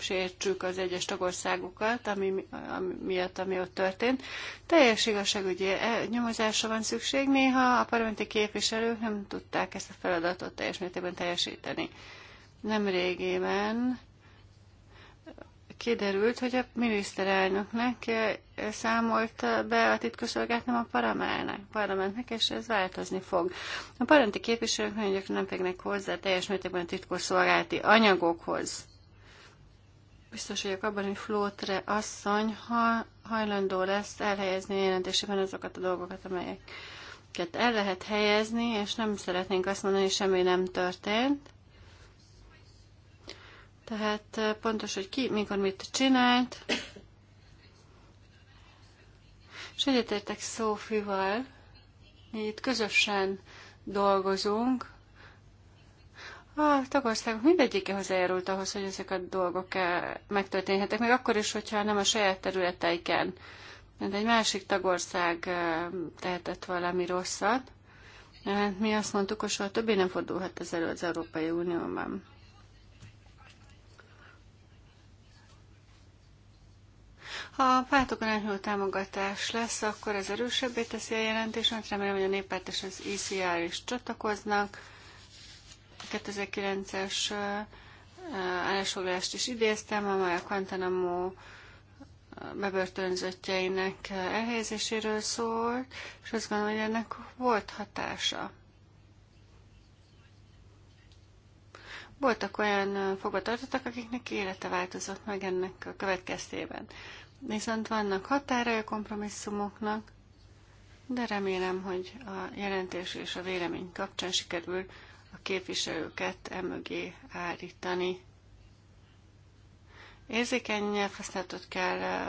sértsük az egyes tagországokat, ami, ami miatt, ami ott történt. Teljes igazságügyi eh, nyomozásra van szükség. Néha a parlamenti képviselők nem tudták ezt a feladatot teljes mértékben teljesíteni. Nem régében kiderült, hogy a miniszterelnöknek eh, számolt be a titkosszolgált, nem a parlamentnek, és ez változni fog. A parlamenti képviselők nagyon gyakran nem férnek hozzá teljes mértékben a titkosszolgálati anyagokhoz. Biztos vagyok abban, hogy Flótre asszony ha hajlandó lesz elhelyezni a jelentésében azokat a dolgokat, amelyeket el lehet helyezni, és nem szeretnénk azt mondani, hogy semmi nem történt. Tehát eh, pontos, hogy ki, mikor mit csinált. És egyetértek Szófival, mi itt közösen dolgozunk, a tagországok mindegyike hozzájárult ahhoz, hogy ezek a dolgok eh, megtörténhetek, még akkor is, hogyha nem a saját területeiken, mert egy másik tagország eh, tehetett valami rosszat. Hát mi azt mondtuk, hogy soha többé nem fordulhat ez elő az Európai Unióban. Ha a pártokon enyhülő támogatás lesz, akkor ez erősebbé teszi a jelentést, mert remélem, hogy a néppárt és az ICR e is csatlakoznak. 2009-es állásfoglalást is idéztem, amely a Guantanamo bebörtönzöttjeinek elhelyezéséről szólt, és azt gondolom, hogy ennek volt hatása. Voltak olyan fogvatartottak, akiknek élete változott meg ennek a következtében. Viszont vannak határa a kompromisszumoknak, de remélem, hogy a jelentés és a vélemény kapcsán sikerül a képviselőket emögé állítani. Érzékeny nyelvhasználatot kell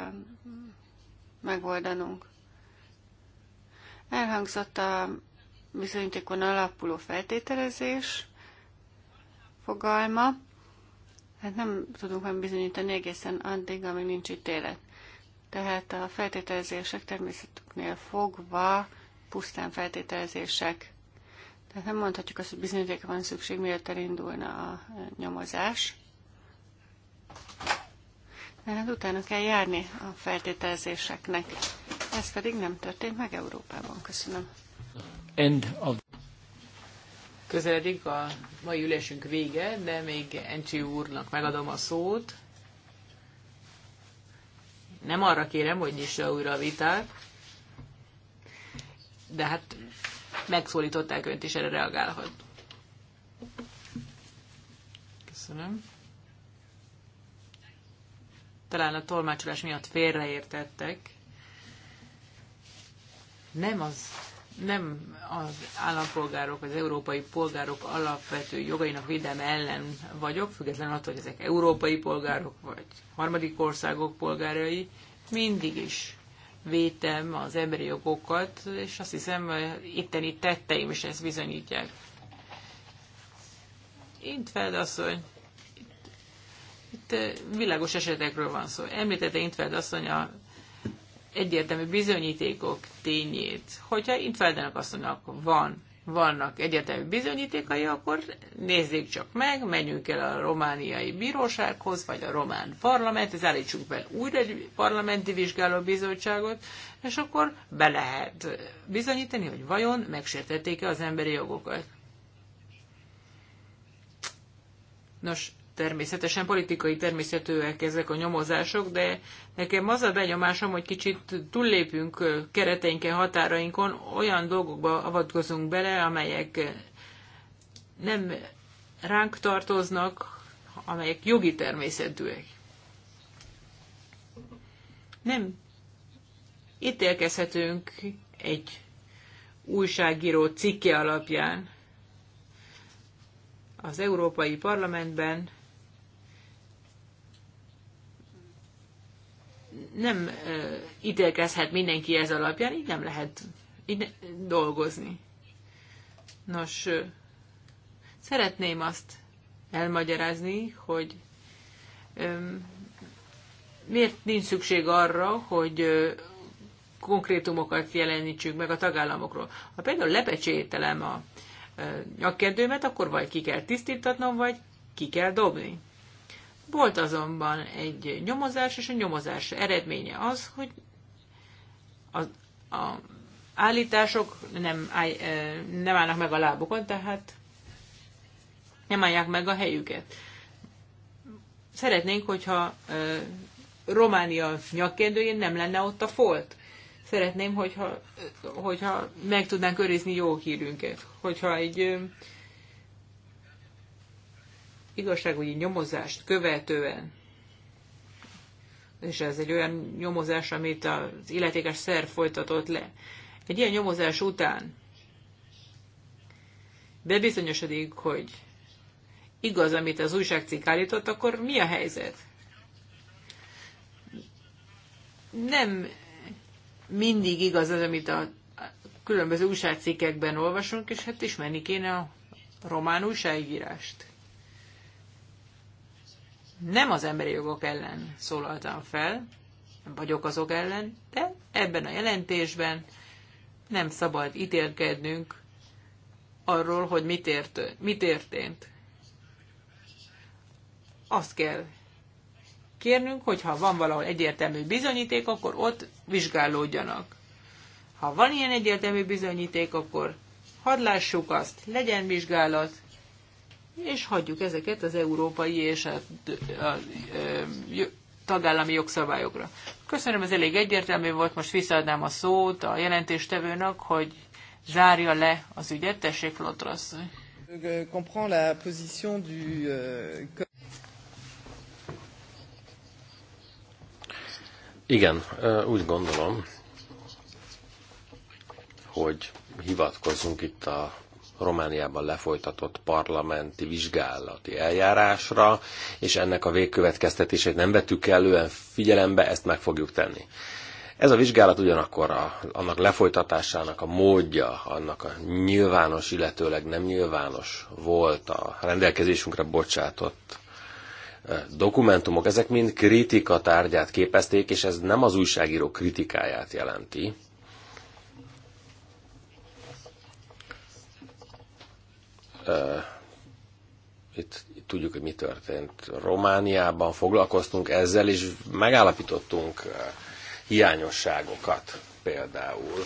megoldanunk. Elhangzott a bizonyítékon alapuló feltételezés fogalma. Hát nem tudunk már bizonyítani egészen addig, amíg nincs ítélet. Tehát a feltételezések természetüknél fogva pusztán feltételezések. Tehát nem mondhatjuk azt, hogy bizonyítéka van szükség, miért elindulna a e, nyomozás. de Hát utána kell járni a feltételezéseknek. Ez pedig nem történt meg Európában. Köszönöm. End of... Közeledik a mai ülésünk vége, de még Encsi úrnak megadom a szót. Nem arra kérem, hogy nyissa újra a vitát, de hát megszólították önt, és erre reagálhat. Köszönöm. Talán a tolmácsolás miatt félreértettek. Nem az nem az állampolgárok, az európai polgárok alapvető jogainak védelme ellen vagyok, függetlenül attól, hogy ezek európai polgárok vagy harmadik országok polgárai, mindig is védtem az emberi jogokat, és azt hiszem, itteni tetteim is ezt bizonyítják. Feld asszony, itt, itt eh, világos esetekről van szó. Említette Intfeld asszony a egyértelmű bizonyítékok tényét. Hogyha Intfeldenek asszonynak van vannak egyetemű bizonyítékai, akkor nézzék csak meg, menjünk el a romániai bírósághoz, vagy a román ez állítsunk be újra egy parlamenti vizsgálóbizottságot, és akkor be lehet bizonyítani, hogy vajon megsértették-e az emberi jogokat. Nos, Természetesen politikai természetűek ezek a nyomozások, de nekem az a benyomásom, hogy kicsit túllépünk kereteinken, határainkon, olyan dolgokba avatkozunk bele, amelyek nem ránk tartoznak, amelyek jogi természetűek. Nem ítélkezhetünk egy újságíró cikke alapján az Európai Parlamentben nem ítélkezhet mindenki ez alapján, így nem lehet így ne, dolgozni. Nos, szeretném azt elmagyarázni, hogy miért nincs szükség arra, hogy konkrétumokat jelenítsük meg a tagállamokról. Ha például lepecsételem a nyakkendőmet, akkor vagy ki kell tisztítatnom, vagy ki kell dobni. Volt azonban egy nyomozás, és a nyomozás eredménye az, hogy az a állítások nem, áll, nem állnak meg a lábukon, tehát nem állják meg a helyüket. Szeretnénk, hogyha Románia nyakkendőjén nem lenne ott a folt. Szeretném, hogyha, hogyha meg tudnánk őrizni jó hírünket. Hogyha egy igazságügyi nyomozást követően, és ez egy olyan nyomozás, amit az illetékes szerv folytatott le, egy ilyen nyomozás után bebizonyosodik, hogy igaz, amit az újságcikk állított, akkor mi a helyzet? Nem mindig igaz az, amit a különböző újságcikkekben olvasunk, és hát ismerni kéne a román újságírást nem az emberi jogok ellen szólaltam fel, nem vagyok azok ellen, de ebben a jelentésben nem szabad ítélkednünk arról, hogy mit, ért, mit történt. Azt kell kérnünk, hogy ha van valahol egyértelmű bizonyíték, akkor ott vizsgálódjanak. Ha van ilyen egyértelmű bizonyíték, akkor hadd lássuk azt, legyen vizsgálat, és hagyjuk ezeket az európai és a, a, a, tagállami jogszabályokra. Köszönöm, ez elég egyértelmű volt, most visszaadnám a szót a jelentéstevőnek, hogy zárja le az ügyet. Tessék, Lotrasz. Euh, Igen, úgy gondolom, hogy hivatkozunk itt a Romániában lefolytatott parlamenti vizsgálati eljárásra, és ennek a végkövetkeztetését nem vettük elően figyelembe, ezt meg fogjuk tenni. Ez a vizsgálat ugyanakkor a, annak lefolytatásának a módja, annak a nyilvános, illetőleg nem nyilvános volt a rendelkezésünkre bocsátott dokumentumok, ezek mind kritika tárgyát képezték, és ez nem az újságíró kritikáját jelenti, itt tudjuk, hogy mi történt Romániában, foglalkoztunk ezzel, és megállapítottunk hiányosságokat például.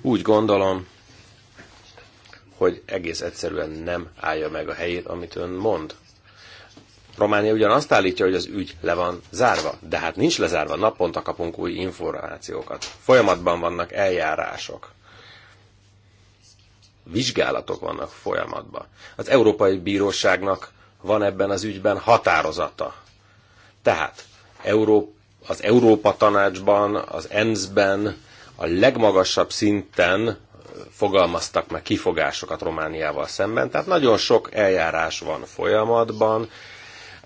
Úgy gondolom, hogy egész egyszerűen nem állja meg a helyét, amit ön mond. Románia ugyan azt állítja, hogy az ügy le van zárva, de hát nincs lezárva, naponta kapunk új információkat. Folyamatban vannak eljárások. Vizsgálatok vannak folyamatban. Az Európai Bíróságnak van ebben az ügyben határozata. Tehát Európa, az Európa Tanácsban, az ENSZ-ben, a legmagasabb szinten fogalmaztak meg kifogásokat Romániával szemben, tehát nagyon sok eljárás van folyamatban,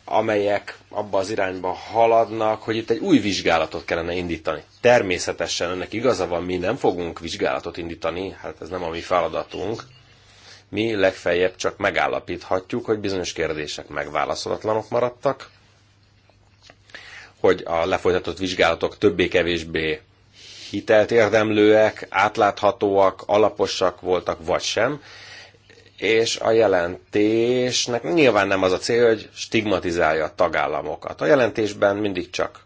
amelyek abba az irányba haladnak, hogy itt egy új vizsgálatot kellene indítani. Természetesen ennek igaza van, mi nem fogunk vizsgálatot indítani, hát ez nem a mi feladatunk. Mi legfeljebb csak megállapíthatjuk, hogy bizonyos kérdések megválaszolatlanok maradtak, hogy a lefolytatott vizsgálatok többé-kevésbé hitelt érdemlőek, átláthatóak, alaposak voltak, vagy sem, és a jelentésnek nyilván nem az a cél, hogy stigmatizálja a tagállamokat. A jelentésben mindig csak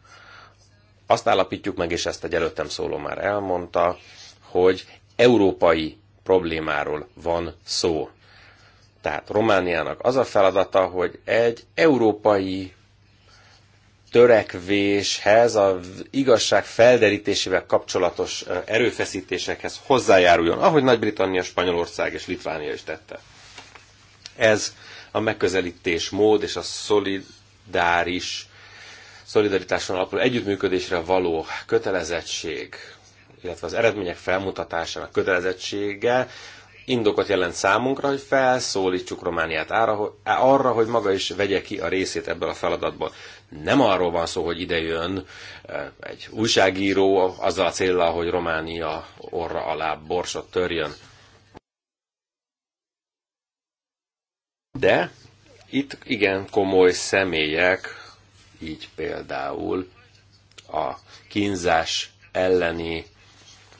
azt állapítjuk meg, és ezt egy előttem szóló már elmondta, hogy európai problémáról van szó. Tehát Romániának az a feladata, hogy egy európai törekvéshez, az igazság felderítésével kapcsolatos erőfeszítésekhez hozzájáruljon, ahogy Nagy-Britannia, Spanyolország és Litvánia is tette. Ez a megközelítés mód és a szolidáris, szolidaritáson alapuló együttműködésre való kötelezettség, illetve az eredmények felmutatásának kötelezettsége indokot jelent számunkra, hogy felszólítsuk Romániát arra, hogy maga is vegye ki a részét ebből a feladatból. Nem arról van szó, hogy ide jön eh, egy újságíró azzal a célral, hogy Románia orra alá borsot törjön. De itt igen komoly személyek, így például a kínzás elleni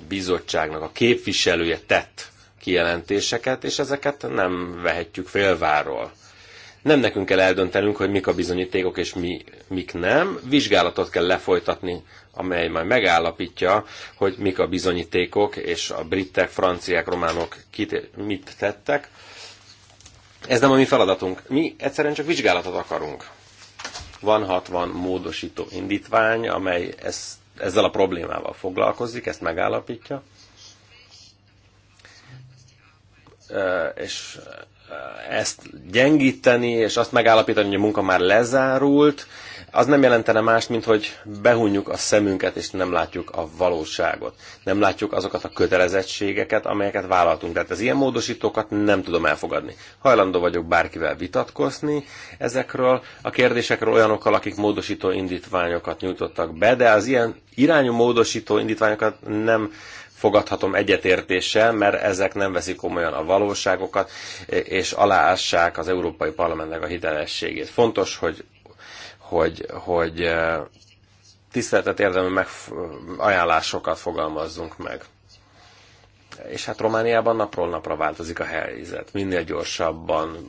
bizottságnak a képviselője tett kijelentéseket, és ezeket nem vehetjük félváról. Nem nekünk kell eldöntenünk, hogy mik a bizonyítékok és mi, mik nem. Vizsgálatot kell lefolytatni, amely majd megállapítja, hogy mik a bizonyítékok, és a britek, franciák, románok kit, mit tettek. Ez nem a mi feladatunk. Mi egyszerűen csak vizsgálatot akarunk. Van 60 módosító indítvány, amely ezt, ezzel a problémával foglalkozik, ezt megállapítja. és ezt gyengíteni, és azt megállapítani, hogy a munka már lezárult, az nem jelentene mást, mint hogy behunjuk a szemünket, és nem látjuk a valóságot. Nem látjuk azokat a kötelezettségeket, amelyeket vállaltunk. Tehát az ilyen módosítókat nem tudom elfogadni. Hajlandó vagyok bárkivel vitatkozni ezekről a kérdésekről olyanokkal, akik módosító indítványokat nyújtottak be, de az ilyen irányú módosító indítványokat nem fogadhatom egyetértéssel, mert ezek nem veszik komolyan a valóságokat, és aláássák az Európai Parlamentnek a hitelességét. Fontos, hogy, hogy, hogy eh, tiszteletet érdemű meg, ajánlásokat fogalmazzunk meg. És hát Romániában napról napra változik a helyzet. Minél gyorsabban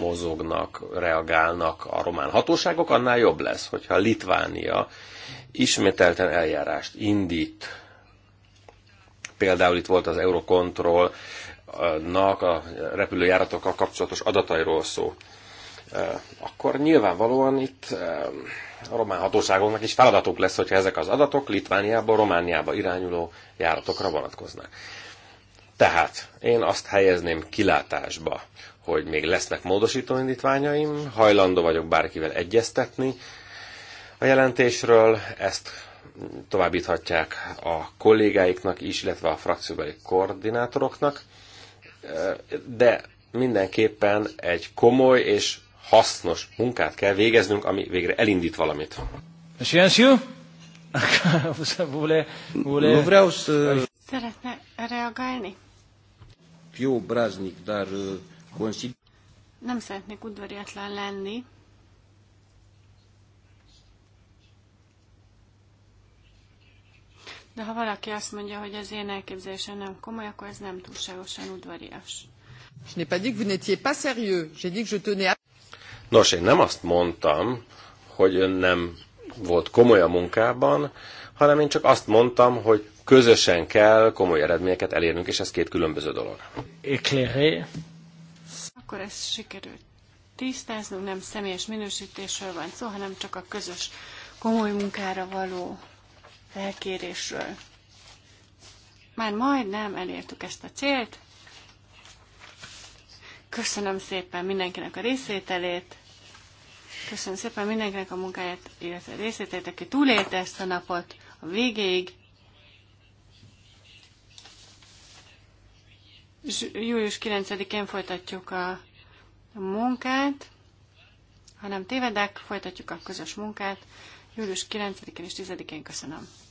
mozognak, reagálnak a román hatóságok, annál jobb lesz, hogyha Litvánia ismételten eljárást indít Például itt volt az Eurocontrolnak a repülőjáratokkal kapcsolatos adatairól szó. Akkor nyilvánvalóan itt a román hatóságoknak is feladatuk lesz, hogyha ezek az adatok Litvániába, Romániába irányuló járatokra vonatkoznak. Tehát én azt helyezném kilátásba, hogy még lesznek módosító indítványaim, hajlandó vagyok bárkivel egyeztetni a jelentésről, ezt továbbíthatják a kollégáiknak is, illetve a frakcióbeli koordinátoroknak, de mindenképpen egy komoly és hasznos munkát kell végeznünk, ami végre elindít valamit. Euh, Szeretne reagálni? Jó bráznik, dar euh, Nem szeretnék udvariatlan lenni, De ha valaki azt mondja, hogy az én elképzelésem nem komoly, akkor ez nem túlságosan udvarias. Je n'ai pas dit que vous n'étiez pas sérieux. J'ai dit que je tenais à... Nos, én nem azt mondtam, hogy ön nem volt komoly a munkában, hanem én csak azt mondtam, hogy közösen kell komoly eredményeket elérnünk, és ez két különböző dolog. Éclairé. Akkor ez sikerült tisztáznunk, nem személyes minősítésről van szó, hanem csak a közös komoly munkára való felkérésről. Már majdnem elértük ezt a célt. Köszönöm szépen mindenkinek a részvételét. Köszönöm szépen mindenkinek a munkáját, illetve a részvételét, aki túlélte ezt a napot a végéig. Július 9-én folytatjuk a munkát, hanem tévedek, folytatjuk a közös munkát. Július 9-én és 10-én köszönöm.